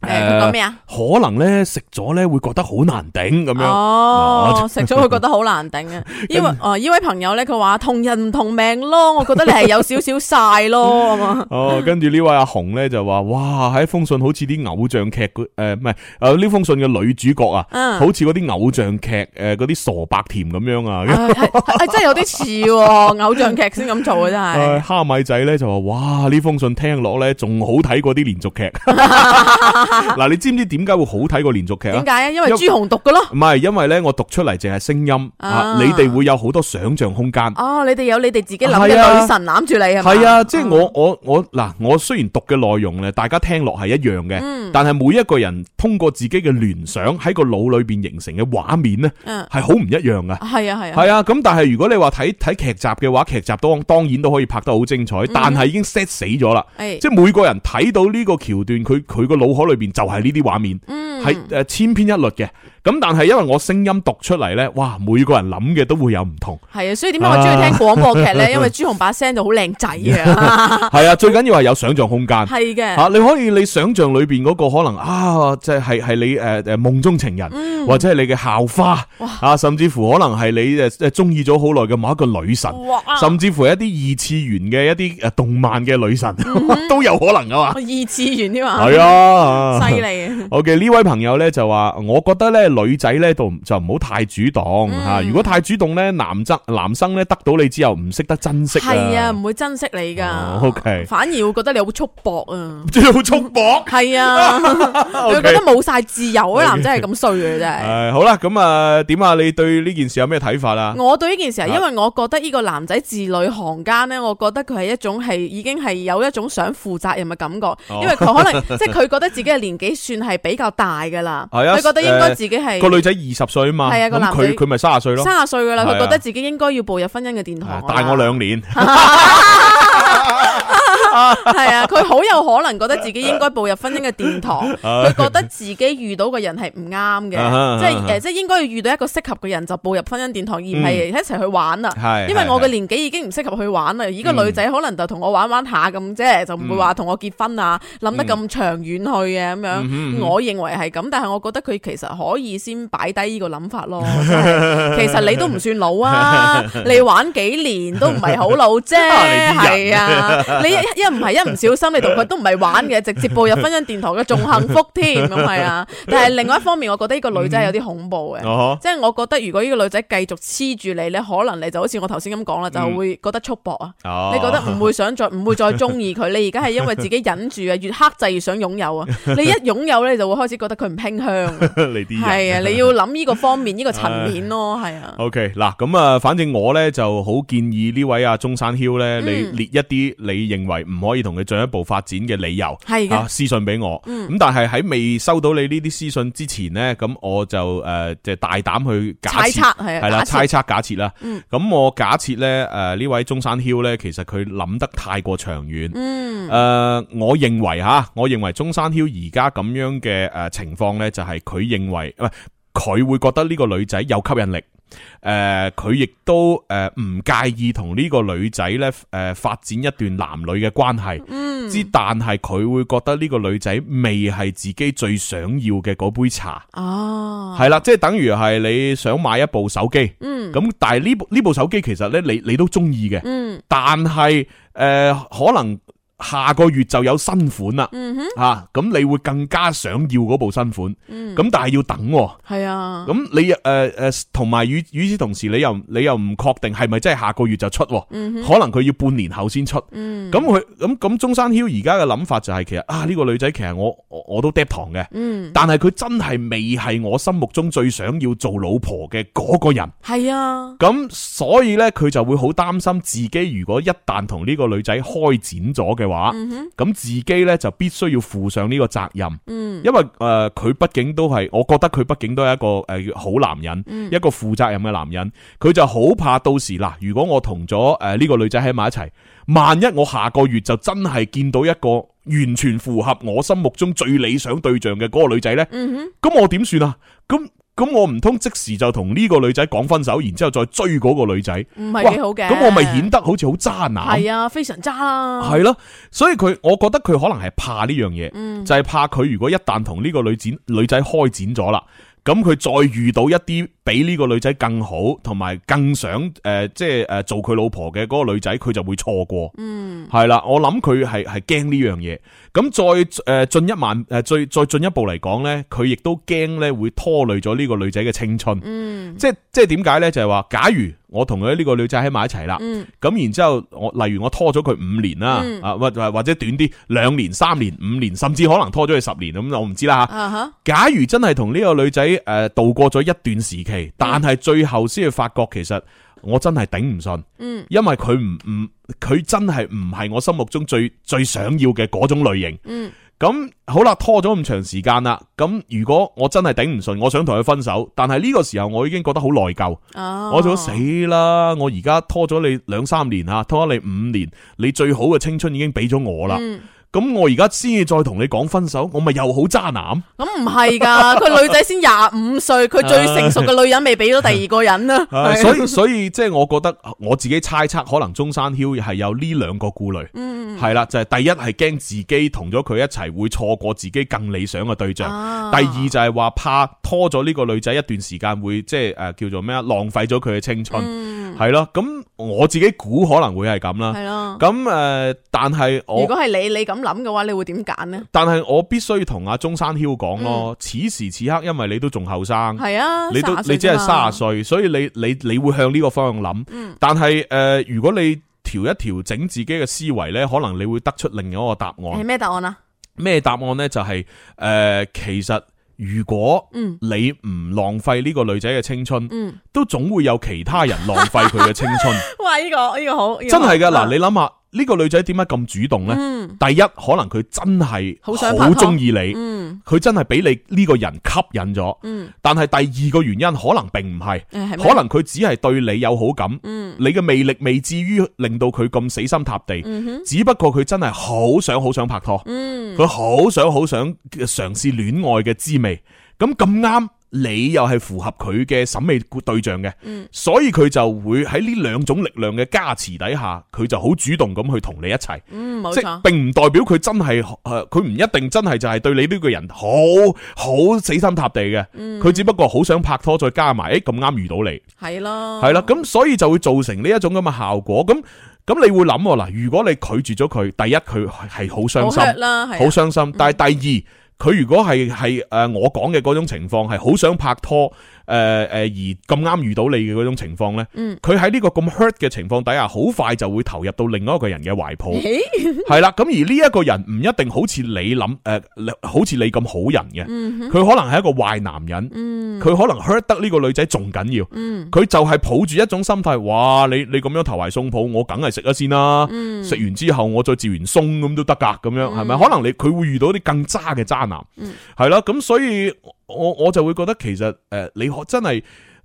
誒、呃，講咩啊？可能咧食咗咧會覺得好難頂咁樣。哦，食、啊、咗會覺得好難頂啊！因 為這位 哦呢位朋友咧，佢話同人唔同命咯，我覺得你係有少少晒咯。哦，跟住呢位阿紅咧就話：，哇，喺封信好似啲偶像劇誒，唔係誒呢封信嘅女主角啊，嗯、好似嗰啲偶像劇誒嗰啲傻白甜咁樣啊。哎、真係有啲似、哦、 偶像劇先咁做嘅！真係。蝦、呃、米仔咧就話：，哇，呢封信聽落咧仲好睇過啲連續劇。 嗱， 你知唔知點解會好睇過連續劇啊？點解啊？因為朱紅讀噶咯。唔係，因為咧，我讀出嚟淨係聲音啊，你哋會有好多想象空間。哦，你哋有你哋自己諗嘅女神攬住你係嘛？係啊，即係、啊就是、我、嗯、我我嗱，我雖然讀嘅內容咧，大家聽落係一樣嘅、嗯，但係每一個人通過自己嘅聯想喺個腦裏邊形成嘅畫面咧，係係好唔一樣噶。係啊係啊，係啊。咁、啊、但係如果你話睇睇劇集嘅話，劇集當當然都可以拍得好精彩，嗯、但係已經 set 死咗啦。即、欸、係、就是、每個人睇到呢個橋段，佢佢個腦海裏。邊就係呢啲畫面，係、嗯、誒千篇一律嘅。咁但係因為我聲音讀出嚟咧，哇，每個人諗嘅都會有唔同。係啊，所以點解我中意聽廣播劇咧？ 因為朱紅把聲就好靚仔啊。係啊， 最緊要係有想象空間。係嘅吓，你可以你想象裏邊嗰個可能啊，即係係你誒誒夢中情人，嗯、或者係你嘅校花啊，甚至乎可能係你誒誒中意咗好耐嘅某一個女神，啊、甚至乎一啲二次元嘅一啲誒動漫嘅女神嗯嗯都有可能啊嘛？二次元添嘛。係啊。犀利。OK，呢位朋友咧就話，我覺得咧女仔咧就就唔好太主動吓、嗯，如果太主動咧，男則男生咧得到你之後唔識得珍惜，係啊，唔會珍惜你噶、哦。OK，反而會覺得你好束縛啊，即你好束縛，係啊，佢、 okay、覺得冇晒自由啊。 男仔係咁衰嘅啫。係。 Uh, 好啦，咁啊，點啊？你對呢件事有咩睇法啊？我對呢件事啊，因為我覺得呢個男仔字裡行間咧、啊，我覺得佢係一種係已經係有一種想負責任嘅感覺，哦、因為佢可能 即係佢覺得自己嘅年紀算係。比較大噶啦，佢、啊、覺得應該自己係個、呃、女仔二十歲啊嘛，咁佢佢咪三十歲咯，三十歲噶啦，佢覺得自己應該要步入婚姻嘅殿堂、啊，大我兩年。 係 啊，佢好有可能覺得自己應該步入婚姻嘅殿堂，佢 覺得自己遇到嘅人係唔啱嘅，啊、哈哈哈即係即係應該要遇到一個適合嘅人就步入婚姻殿堂，而唔係一齊去玩啦、啊。嗯、因為我嘅年紀已經唔適合去玩啦、啊，而個女仔可能就同我玩玩下咁啫，嗯、就唔會話同我結婚、嗯、想啊，諗得咁長遠去嘅咁樣。我認為係咁，但係我覺得佢其實可以先擺低呢個諗法咯。即係、其實你都唔算老啊， 你玩幾年都唔係好老啫，係啊，你一一、啊。唔係一唔小心你，你同佢都唔係玩嘅，直接步入婚姻殿堂嘅仲幸福添，咁係啊。但係另外一方面，我覺得呢個女仔有啲恐怖嘅，即、嗯、係、就是、我覺得如果呢個女仔繼續黐住你咧，你可能你就好似我頭先咁講啦，就會覺得束縛啊。你覺得唔會想再唔、哦、會再中意佢？ 你而家係因為自己忍住啊，越克制越想擁有啊。你一擁有咧，你就會開始覺得佢唔馨香。係 啊，你要諗呢個方面呢、啊這個層面咯，係啊。O K，嗱咁啊，反正我咧就好建議呢位啊中山囂咧，你列一啲你認為。唔可以同佢進一步發展嘅理由，係嘅、嗯、私信俾我。咁但係喺未收到你呢啲私信之前呢，咁我就誒即係大膽去假設，係啦，猜測假設啦。咁、嗯、我假設呢誒呢位中山囂呢，其實佢諗得太過長遠。誒、嗯呃，我認為吓，我認為中山囂而家咁樣嘅誒情況呢，就係佢認為，佢、呃、會覺得呢個女仔有吸引力。誒、呃，佢亦都誒唔介意同呢個女仔咧，誒發展一段男女嘅關係。嗯，之但係佢會覺得呢個女仔未係自己最想要嘅嗰杯茶。哦，係啦，即係等於係你想買一部手機。嗯，咁但係呢部呢部手機其實咧，你你都中意嘅。嗯，但係誒、嗯呃、可能。下個月就有新款啦，吓、mm、咁 -hmm. 啊、你會更加想要嗰部新款，咁、mm -hmm. 但係要等，係啊，咁、mm -hmm. 你誒誒，同埋與與此同時你又，你又你又唔確定係咪真係下個月就出、啊，mm -hmm. 可能佢要半年後先出，咁佢咁咁中山囂而家嘅諗法就係、是、其實啊呢、這個女仔其實我我，我都嗒糖嘅，mm -hmm. 但係佢真係未係我心目中最想要做老婆嘅嗰個人，係啊，咁所以咧佢就會好擔心自己如果一旦同呢個女仔開展咗嘅。話、嗯、咁自己呢，就必須要負上呢個責任，因為誒佢畢竟都係，我覺得佢畢竟都係一個誒、呃、好男人，嗯、一個負責任嘅男人，佢就好怕到時嗱，如果我同咗誒呢個女仔喺埋一齊，萬一我下個月就真係見到一個完全符合我心目中最理想對象嘅嗰個女仔呢，咁、嗯、我點算啊？咁咁我唔通即時就同呢個女仔講分手，然之後再追嗰個女仔，唔係幾好嘅。咁我咪顯得好似好渣男。係啊，非常渣啦。係咯、啊，所以佢，我覺得佢可能係怕呢樣嘢，嗯、就係怕佢如果一旦同呢個女展女仔開展咗啦。咁佢再遇到一啲比呢個女仔更好，同埋更想誒，即係誒做佢老婆嘅嗰個女仔，佢就會錯過。嗯，係啦，我諗佢係係驚呢樣嘢。咁再誒進、呃、一萬誒、呃，再再進一步嚟講咧，佢亦都驚咧會拖累咗呢個女仔嘅青春。嗯，即，即係即係點解咧？就係、是、話假如。我同佢呢個女仔喺埋一齊啦，咁、嗯、然之後我例如我拖咗佢五年啦，啊、嗯、或或者短啲兩年、三年、五年，甚至可能拖咗佢十年咁，我唔知啦吓。Uh-huh. 假如真係同呢個女仔誒、呃、度過咗一段時期，但係最後先至發覺，其實我真係頂唔順，因為佢唔唔佢真係唔係我心目中最最想要嘅嗰種類型。嗯咁好啦，拖咗咁長時間啦，咁如果我真係頂唔順，我想同佢分手，但係呢個時候我已經覺得好內疚，Oh. 我想死啦，我而家拖咗你兩三年啊，拖咗你五年，你最好嘅青春已經俾咗我啦。Mm. 咁我而家先至再同你講分手，我咪又好渣男？咁唔係噶，佢女仔先廿五歲，佢最成熟嘅女人未俾到第二個人啦。所以所以即係我覺得我自己猜測，可能中山囂係有呢兩個顧慮。嗯，係啦，就係第一係驚自己同咗佢一齊會錯過自己更理想嘅對象。第二就係話怕拖咗呢個女仔一段時間會即係誒叫做咩啊？浪費咗佢嘅青春係咯。咁我自己估可能會係咁啦。係咯。咁誒，但係我如果係你，你咁。咁諗嘅話，你會點揀呢？但係我必須同阿中山囂講咯。嗯、此時此刻，因為你都仲後生，係啊，你都歲你只係卅歲，所以你你你，你會向呢個方向諗。嗯但是，但係誒，如果你調一調整自己嘅思維咧，可能你會得出另一個答案。係咩答案啊？咩答案咧？就係、是、誒、呃，其實如果嗯你唔浪費呢個女仔嘅青春，嗯，嗯，都總會有其他人浪費佢嘅青春。 哇！呢、這個呢、這個好，真係噶嗱，你諗下。呢個女仔點解咁主動呢？嗯、第一可能佢真係好中意你，佢、嗯、真係俾你呢個人吸引咗、嗯。但係第二個原因可能並唔係、嗯，可能佢只係對你有好感。嗯、你嘅魅力未至於令到佢咁死心塌地。嗯、只不過佢真係好想好想拍拖，佢、嗯、好想好想嘗試戀愛嘅滋味。咁咁啱。你又係符合佢嘅審美對象嘅，嗯，所以佢就會喺呢兩種力量嘅加持底下，佢就好主動咁去同你一齊。嗯，冇錯，即並唔代表佢真係誒，佢唔一定真係就係對你呢個人好好死心塌地嘅。嗯，佢只不過好想拍拖，再加埋誒咁啱遇到你。係咯，係啦，咁所以就會造成呢一種咁嘅效果。咁咁你會諗嗱，如果你拒絕咗佢，第一，佢係好傷心，好傷心。但係第二。嗯佢如果係係誒，我講嘅嗰種情況，係好想拍拖。誒、呃、誒，而咁啱遇到你嘅嗰種情況呢，佢喺呢個咁 hurt 嘅情況底下，好快就會投入到另外一個人嘅懷抱，係 啦。咁而呢一個人唔一定好似你諗誒、呃，好似你咁好人嘅，佢、嗯、可能係一個壞男人，佢、嗯、可能 hurt 得呢個女仔仲緊要，佢、嗯、就係抱住一種心態，哇！你你咁樣投懷送抱，我梗係食咗先啦，食、嗯、完之後我再自完鬆咁都得噶，咁樣係咪、嗯？可能你佢會遇到啲更渣嘅渣男，係、嗯、咯，咁所以。我我就會覺得其實誒、呃，你可真係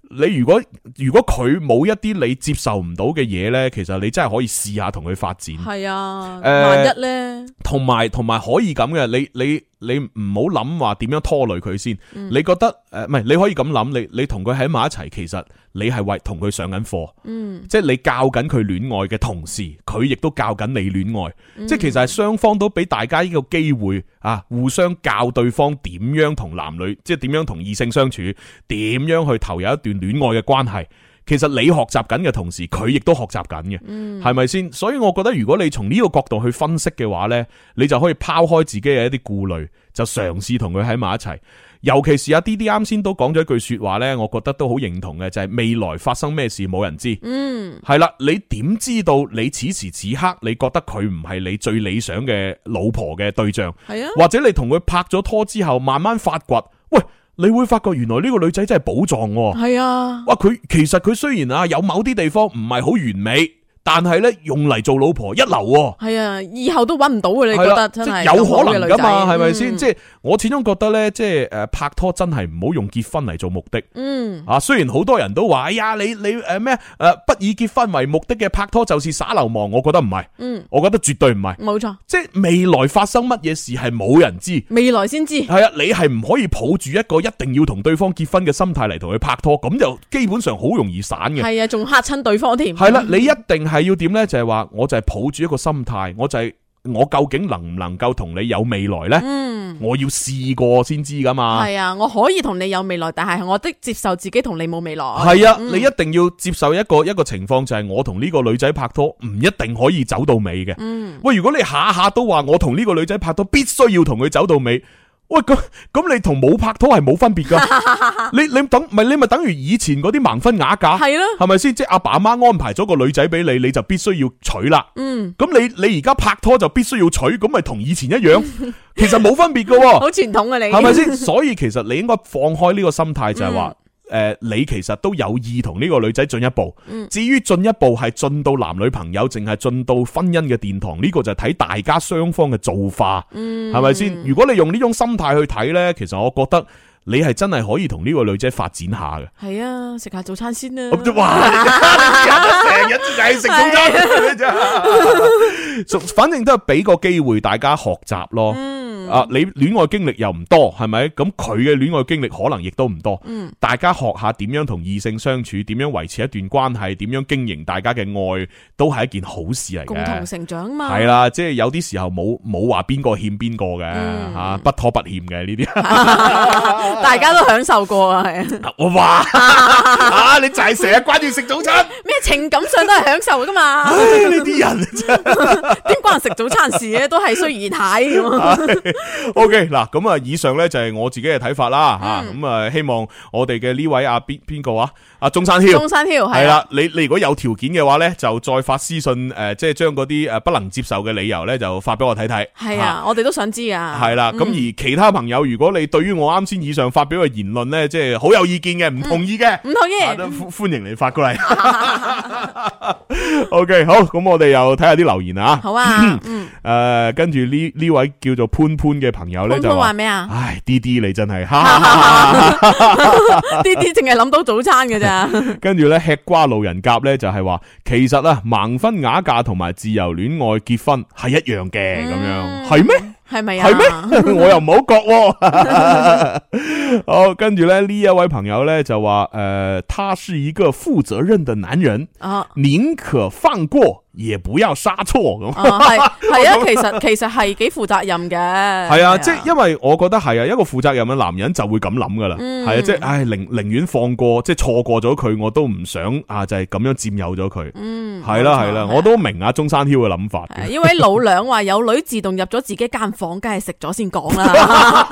你如果如果佢冇一啲你接受唔到嘅嘢咧，其實你真係可以試下同佢發展。係啊，萬一咧，同埋同埋可以咁嘅，你你。你唔好諗話點樣拖累佢先，嗯、你覺得誒唔係？你可以咁諗，你你同佢喺埋一齊，其實你係為同佢上緊課，嗯、即係你教緊佢戀愛嘅同時，佢亦都教緊你戀愛。嗯、即係其實係雙方都俾大家呢個機會啊，互相教對方點樣同男女，即係點樣同異性相處，點樣去投入一段戀愛嘅關係。其實你學習緊嘅同時，佢亦都學習緊嘅，嗯，係咪先？所以我覺得如果你從呢個角度去分析嘅話呢，你就可以拋開自己嘅一啲顧慮，就嘗試同佢喺埋一齊。尤其是阿 D D 啱先都講咗一句說話呢，我覺得都好認同嘅，就係未來發生咩事冇人知。嗯，係啦，你點知道你此時此刻你覺得佢唔係你最理想嘅老婆嘅對象？係啊，或者你同佢拍咗拖之後，慢慢發掘。你會發覺原來呢個女仔真係寶藏啊，係啊，哇！佢其實佢雖然啊有某啲地方唔係好完美。但係咧，用嚟做老婆一流喎。係啊，以後都搵唔到啊。你覺得真係、啊、有可能噶嘛？係咪先？即係我始終覺得咧，即係誒、呃、拍拖真係唔好用結婚嚟做目的。嗯。啊，雖然好多人都話，哎呀，你你誒咩誒不以結婚為目的嘅拍拖就是耍流氓，我覺得唔係。嗯。我覺得絕對唔係。冇錯。即係未來發生乜嘢事係冇人知。未來先知。係啊，你係唔可以抱住一個一定要同對方結婚嘅心態嚟同佢拍拖，咁就基本上好容易散嘅。係啊，仲吓親對方添。係、嗯、啦、啊，你一定。係要點呢？就係話，我就係抱住一個心態，我就係、是、我究竟能唔能夠同你有未來呢？嗯，我要試過先知噶嘛。係啊，我可以同你有未來，但係我都接受自己同你冇未來。係啊、嗯，你一定要接受一個一個情況，就係、是、我同呢個女仔拍拖唔一定可以走到尾嘅。嗯，喂，如果你下下都話我同呢個女仔拍拖，必須要同佢走到尾，喂，咁咁你同冇拍拖係冇分別噶， 你你等，唔係你咪等於以前嗰啲盲婚啞嫁，係咯，係咪先？即係阿爸阿媽安排咗個女仔俾你，你就必須要娶啦。嗯，咁你你而家拍拖就必須要娶，咁咪同以前一樣， 其實冇分別噶。好 傳統啊，你，係咪先？所以其實你應該放開呢個心態，就係話。誒、呃，你其實都有意同呢個女仔進一步，嗯、至於進一步係進到男女朋友，淨係進到婚姻嘅殿堂，呢、這個就係睇大家雙方嘅造化，係咪先？如果你用呢種心態去睇呢，其實我覺得你係真係可以同呢個女仔發展下嘅。係啊，食下早餐先啦。哇，你你人就成日就係食早餐，啊、 反正都係俾個機會大家學習咯。嗯啊！你戀愛經歷又唔多，係咪？咁佢嘅戀愛經歷可能亦都唔多。嗯，大家學下點樣同異性相處，點樣維持一段關係，點樣經營大家嘅愛，都係一件好事嚟嘅。共同成長嘛。係啦、啊，即係有啲時候冇冇話邊個欠邊個嘅吓，不拖不欠嘅呢啲， 大家都享受過啊，係。我話，你就係成日關住食早餐咩？ 咩情感上都係享受噶嘛。呢 啲人點關食早餐事咧？都係衰姨太 O K 嗱，咁啊，以上咧就係我自己嘅睇法啦，吓、嗯、咁啊，希望我哋嘅呢位啊邊邊個啊，阿中山囂，中山囂係啦，你你如果有條件嘅話咧，就再發私信，誒、呃，即係將嗰啲誒不能接受嘅理由咧，就發俾我睇睇。係啊，啊，我哋都想知啊。係啦，咁而其他朋友，如果你對於我啱先以上發表嘅言論咧，即係好有意見嘅，唔同意嘅，唔、嗯、同意，啊、都歡迎你發過嚟。啊啊、 o、okay, K，好，咁我哋又睇下啲留言啊。好啊，誒、嗯嗯啊，跟住呢呢位叫做潘潘。嘅朋友咧就話，唉，D D 你真係，D D 淨係諗到早餐㗎咋。跟住咧，吃瓜路人甲咧就係、是、話，其實啊，盲婚啞嫁同埋自由戀愛結婚係一樣嘅，咁、嗯、樣係咩？係咪啊？係咩？我又唔好覺、啊。 好，跟住咧呢一位朋友咧就話，誒、呃，他是一個負責任的男人啊，寧可放過。也不要殺錯咁，係係啊， 其實其實係幾負責任嘅，係啊，即係、啊啊、因為我覺得係啊，一個負責任嘅男人就會咁諗噶啦，係、嗯、啊，即係唉，寧寧願放過，即係錯過咗佢，我都唔想啊，就係、是、咁樣佔有咗佢，嗯，係啦係啦，我都明啊，中山囂嘅諗法、啊，因為老娘話有女自動入咗自己間房間，梗係食咗先講啦，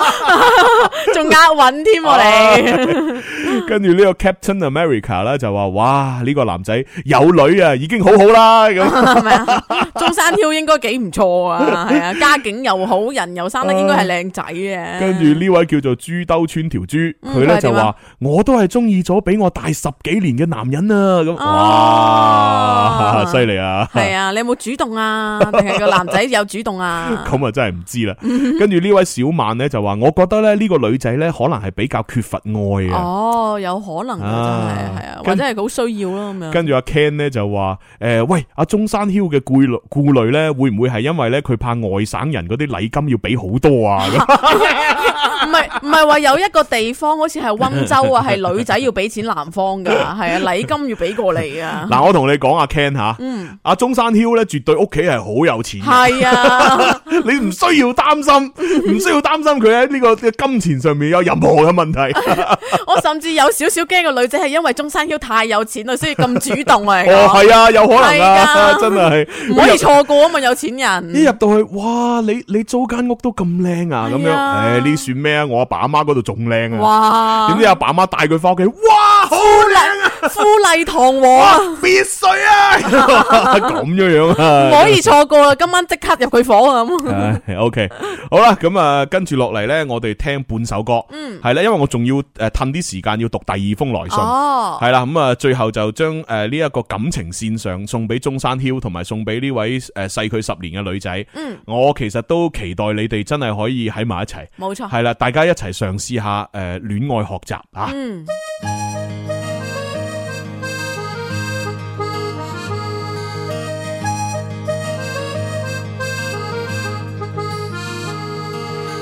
仲押韻添，你、啊，跟住呢個 Captain America、這個、啦，就話哇呢個男仔有女啊，已經好好啦咁。係咪啊？中山囂應該幾唔錯啊，係啊，家境又好，人又生得、啊、應該係靚仔嘅。跟住呢位叫做豬兜村條豬，佢、嗯、咧就話：我都係中意咗比我大十幾年嘅男人啊！咁哇，犀利啊！係啊，啊，啊，你有冇主動啊？定係個男仔有主動啊？咁啊， 真係唔知啦。跟住呢位小曼咧就話： 我覺得咧呢個女仔咧可能係比較缺乏愛啊。哦，有可能啊，真係，係啊，或者係好需要咯咁樣。跟住阿 Ken 咧就話：誒、呃，喂，阿中。」中山囂嘅顧慮顧慮咧，會唔會係因為咧佢怕外省人嗰啲禮金要俾好多啊？唔係，唔係話有一個地方好似係溫州啊 是啊，係女仔要俾錢男方噶，係啊，禮金要俾過你啊。嗱，我同你講阿 Ken 吓、啊，嗯，阿中山囂咧絕對屋企係好有錢的，係啊， 你唔需要擔心，唔 需要擔心佢喺呢個金錢上面有任何嘅問題。 我甚至有少少驚個女仔係因為中山囂太有錢啊，所以咁主動啊。 哦，係啊，有可能啊。.真係可以錯過啊嘛，有錢人一入到去，哇！你你租間屋都咁靚啊，咁、啊、樣，誒、哎，呢算咩啊？我阿爸阿媽嗰度仲靚啊，哇，點知阿爸阿媽帶佢翻屋企，哇！好靚啊！富麗堂皇啊！別墅啊！咁嘅、啊、 樣啊，唔可以錯過啦 今晚即刻入佢房咁。Uh, o、okay. K， 好啦，咁啊，跟住落嚟呢我哋聽半首歌。嗯，係啦，因為我仲要誒，褪、呃、啲時間要讀第二封來信。哦，係啦，咁、嗯、啊，最後就將誒呢一個感情線上送俾中山囂，同埋送俾呢位誒細佢十年嘅女仔。嗯，我其實都期待你哋真係可以喺埋一齊。冇錯。係啦，大家一齊嘗試下誒戀、呃、愛學習啊！嗯。嗯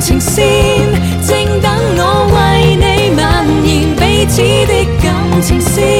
情線正等我為你蔓延，彼此的感情線。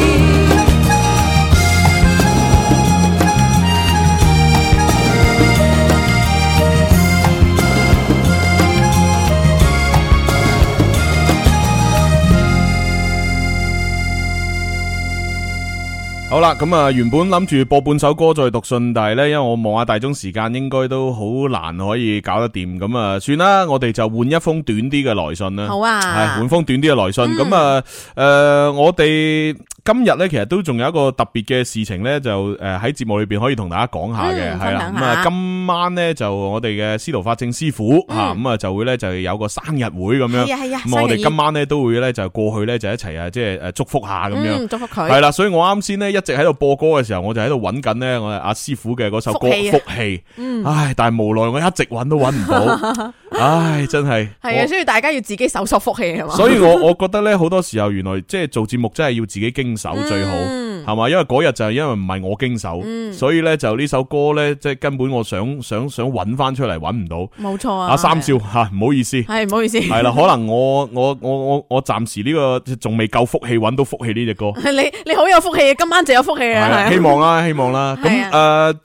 好啦，咁啊，原本諗住播半首歌再讀信，但係咧，因為我望下大鐘時間，應該都好難可以搞得掂，咁啊，算啦，我哋就換一封短啲嘅來信啦。好啊，係換封短啲嘅來信。咁、嗯、啊，誒、呃，我哋今日咧，其實都仲有一個特別嘅事情咧，就誒喺節目裏邊可以同大家講下嘅。係、嗯、啦咁啊、嗯，今晚咧就我哋嘅司徒法正師傅吓，咁、嗯、啊就會咧就有個生日會咁樣。咁我哋今晚咧都會咧就過去咧就一齊啊即係誒祝福下咁樣。嗯，啊啊、祝福佢。係、嗯、啦，所以我啱先咧一。一直喺度播歌嘅時候，我就喺度揾緊呢我阿師傅嘅嗰首歌《福氣》嗯。唉，但係無奈我一直揾都揾唔到， 唉，真係。係啊，所以大家要自己搜索福氣啊嘛。所以我我覺得呢，好多時候原來即係做節目真係要自己經手最好。嗯係嘛？因為嗰日就係因為唔係我經手，嗯、所以咧就呢首歌咧，即係根本我想想想揾翻出嚟，揾唔到。冇錯啊！阿三少吓，唔、啊、好意思，係唔好意思。係啦，可能我我我我我暫時呢、這個仲未夠福氣揾到福氣呢隻歌。 你你好有福氣啊！今晚就有福氣啊！希望啦，希望啦。咁 誒、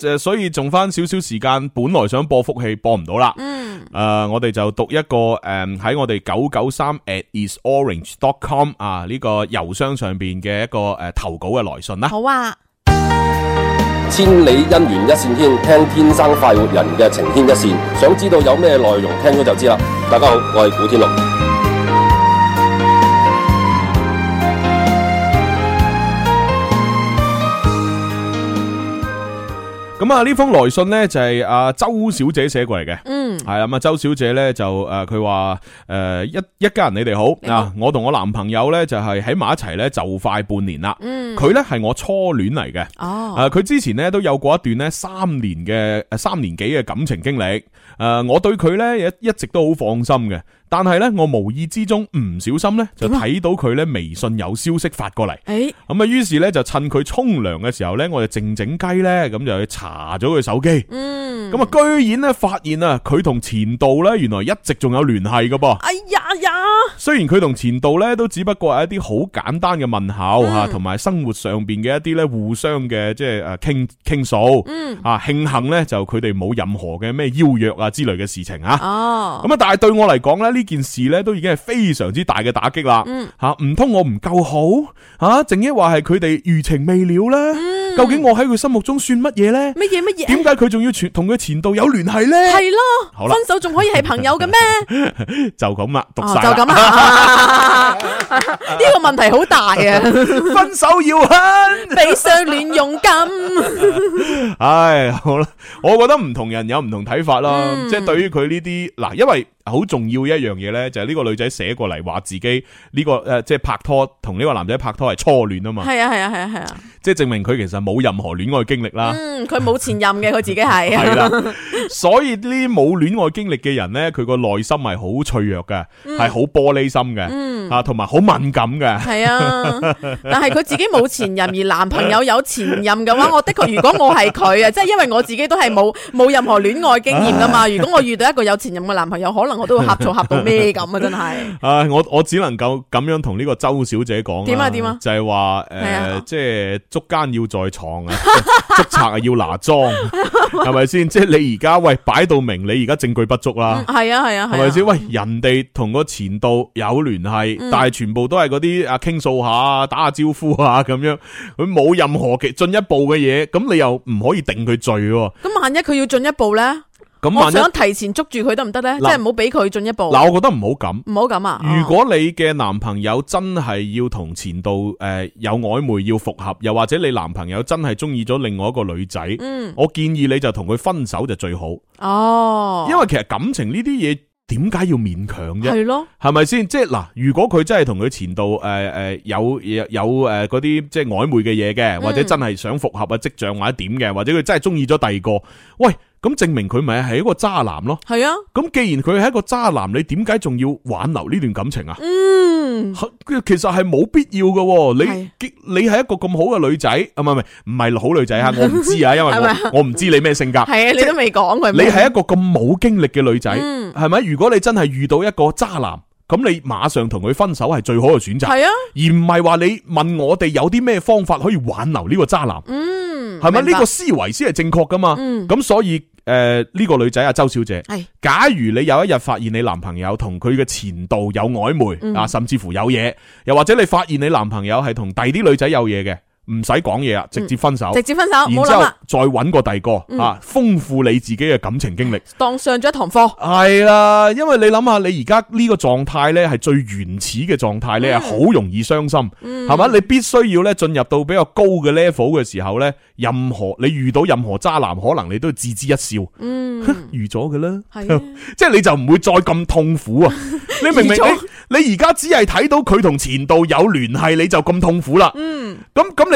呃，所以仲翻少少時間，本來想播福氣，播唔到啦。嗯。誒、呃，我哋就讀一個誒喺、呃、我哋九九三 at isorange.com 啊、呃、呢、這個郵箱上邊嘅一個誒、呃、投稿嘅來。好啊！千里姻緣一線牽，聽天生快活人嘅情牽一線，想知道有咩內容，聽咗就知啦。大家好，我係古天樂。咁啊！呢封來信呢，就係啊鄒小姐寫過嚟嘅，嗯，係啊咁啊，鄒小姐呢，就、呃、誒，佢話誒一一家人你哋好啊、呃，我同我男朋友呢，就係喺埋一齊呢，就快半年啦，嗯，佢呢係我初戀嚟嘅，哦，佢、呃、之前呢，都有過一段呢三年嘅誒三年幾嘅感情經歷，誒、呃，我對佢呢，一直都好放心嘅。但係咧，我無意之中唔小心咧，就睇到佢咧微信有消息發過嚟。誒，咁啊，於是咧就趁佢沖涼嘅時候咧，我就靜靜雞咧，咁就去查咗佢手機。嗯，咁啊，居然咧發現啊，佢同前度咧，原來一直仲有聯繫噶噃。哎呀呀！雖然佢同前度咧都只不過係一啲好簡單嘅問候吓，同埋生活上邊嘅一啲咧互相嘅即係誒傾傾訴。嗯，啊，慶幸咧就佢哋冇任何嘅咩邀約啊之類嘅事情啊。哦，咁啊，但係對我嚟講咧，呢件事呢，都已經係非常之大嘅打擊啦，吓唔通我唔夠好吓、啊？正一話係佢哋餘情未了呢？嗯、究竟我喺佢心目中算乜嘢呢？乜嘢乜嘢？點解佢仲要同佢前度有聯繫呢？係咯，好啦，分手仲可以係朋友嘅咩、 哦？就咁啦，讀晒啦，呢個問題好大啊！分手要狠， 比上亂用金 唉，好啦，我覺得唔同人有唔同睇法啦，即、嗯、係、就是、對於佢呢啲嗱，因為。好重要一樣嘢呢，就係、是、呢個女仔寫過嚟話自己呢、這個誒、呃，即係拍拖同呢個男仔拍拖係初戀啊嘛。係啊係啊係啊係啊！即係證明佢其實冇任何戀愛經歷啦。嗯，佢冇前任嘅，佢自己係。係 啦、啊，所以呢冇戀愛經歷嘅人呢，佢個內心係好脆弱嘅，係、嗯、好玻璃心嘅、嗯，啊，同埋好敏感嘅。係啊，但係佢自己冇前任， 而男朋友有前任嘅話，我的確如果我係佢啊，即、就、係、是、因為我自己都係冇冇任何戀愛經驗㗎嘛。如果我遇到一個有前任嘅男朋友， 可能。我都會呷醋，呷到咩咁啊？真係，誒，我我只能夠咁樣同呢個周小姐講。點啊點啊，就係話誒，即係捉奸要在床啊， 捉賊啊要拿贓，係咪先？ 是吧 即係你而家喂擺到明，你而家證據不足啦。係啊係啊，係咪先？喂，人哋同個前度有聯繫、嗯，但係全部都係嗰啲啊傾訴下、打下招呼啊咁樣，佢冇任何進一步嘅嘢，咁你又唔可以定佢罪。咁萬一佢要進一步咧？咁我想提前捉住佢得唔得咧？嘗即係唔好俾佢進一步。嗱，我覺得唔好咁，唔好咁啊！如果你嘅男朋友真係要同前度誒、呃、有曖昧要復合，又或者你男朋友真係中意咗另外一個女仔，嗯，我建議你就同佢分手就最好哦。因為其實感情呢啲嘢點解要勉強啫？係咯的，係咪先？即係嗱，如果佢真係同佢前度誒誒、呃呃、有有誒嗰啲即係曖昧嘅嘢嘅，或者真係想復合嘅啊，跡象或者點嘅，或者佢真係中意咗第二個，喂。喂咁證明佢咪係一個渣男咯？係啊！咁既然佢係一個渣男，你點解仲要挽留呢段感情啊？嗯，其實係冇必要嘅。你、啊、你係一個咁好嘅女仔，唔係唔係唔係好女仔吓， 我唔知啊，因為我唔、啊、知你咩性格。係啊，你都未講佢。你係一個咁冇經歷嘅女仔，係、嗯、咪？如果你真係遇到一個渣男，咁你馬上同佢分手係最好嘅選擇。係啊，而唔係話你問我哋有啲咩方法可以挽留呢個渣男。嗯。係咪呢個思維先係正確噶嘛？咁、嗯、所以誒呢、呃這個女仔啊，鄒小姐，假如你有一日發現你男朋友同佢嘅前度有曖昧、嗯、啊，甚至乎有嘢，又或者你發現你男朋友係同第二啲女仔有嘢嘅。唔使講嘢啊，直接分手，嗯、直接分手，唔好啦，再揾個第二個啊，豐富你自己嘅感情經歷，當上咗一堂課係啦。因為你諗下，你而家呢個狀態呢係最原始嘅狀態，你係好容易傷心，係、嗯、嘛？你必須要呢進入到比較高嘅 level 嘅時候呢，任何你遇到任何渣男，可能你都置之一笑，嗯，預咗嘅啦，係啊，即係你就唔會再咁痛苦啊、嗯！你明唔明 你而家只係睇到佢同前度有聯繫，你就咁痛苦啦，嗯，咁咁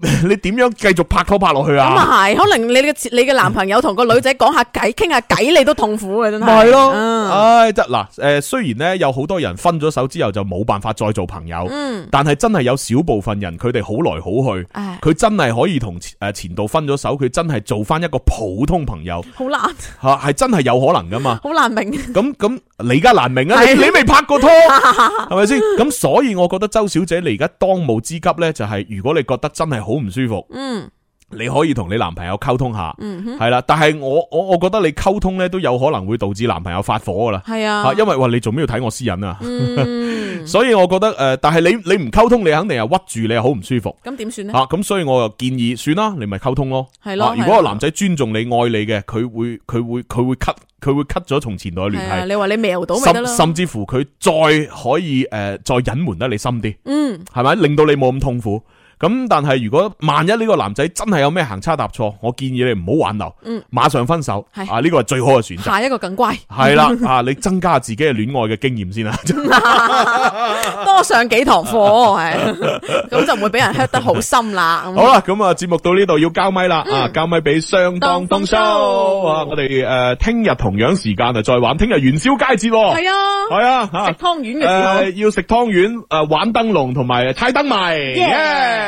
你點樣繼續拍拖拍落去啊？咁係，可能你嘅你嘅男朋友同個女仔講下偈，傾下偈，你都痛苦嘅真係。咪係咯？唉、嗯，嗱，誒，雖然咧有好多人分咗手之後就冇辦法再做朋友，嗯，但係真係有少部分人佢哋好來好去，佢真係可以同誒前度分咗手，佢真係做翻一個普通朋友。好難吓，係真係有可能噶嘛？好難明。咁咁，你而家難明啊？你未拍過拖，係咪先？咁所以我覺得鄒小姐你而家當務之急咧，就係如果你覺得真係。好唔舒服，嗯，你可以同你男朋友溝通下，嗯哼，係啦，但係我我我覺得你溝通咧都有可能會導致男朋友發火噶啦，係啊，因為話你做咩要睇我私隱、嗯 嗯、啊，所以我覺得誒，但係你你唔溝通，你肯定係屈住，你又好唔舒服，咁點算咧？咁所以我又建議，算啦，你咪溝通咯，係啦，如果個男仔尊重你、愛你嘅，佢會佢會佢會，會 cut 佢會 cut 咗從前度嘅聯繫。你話你苗到咪得咯？甚甚至乎佢再可以誒、呃，再隱瞞得你深啲，嗯，係咪令到你冇咁痛苦？咁但係如果萬一呢個男仔真係有咩行差踏錯，我建議你唔好挽留，嗯，馬上分手，係啊，呢個係最好嘅選擇。下一個更乖，係啦 啊！你增加自己嘅戀愛嘅經驗先啦、啊， 多上幾堂課，係 咁就唔會俾人 hurt 得好深啦、嗯嗯。好啦，咁啊節目到呢度要交咪啦，啊、嗯、交咪俾相當豐收啊！我哋誒聽日同樣時間啊再玩，聽日元宵佳節，係啊係啊，啊，食湯圓嘅時候、呃、要食湯圓，誒、呃、玩燈籠同埋猜燈謎。Yeah.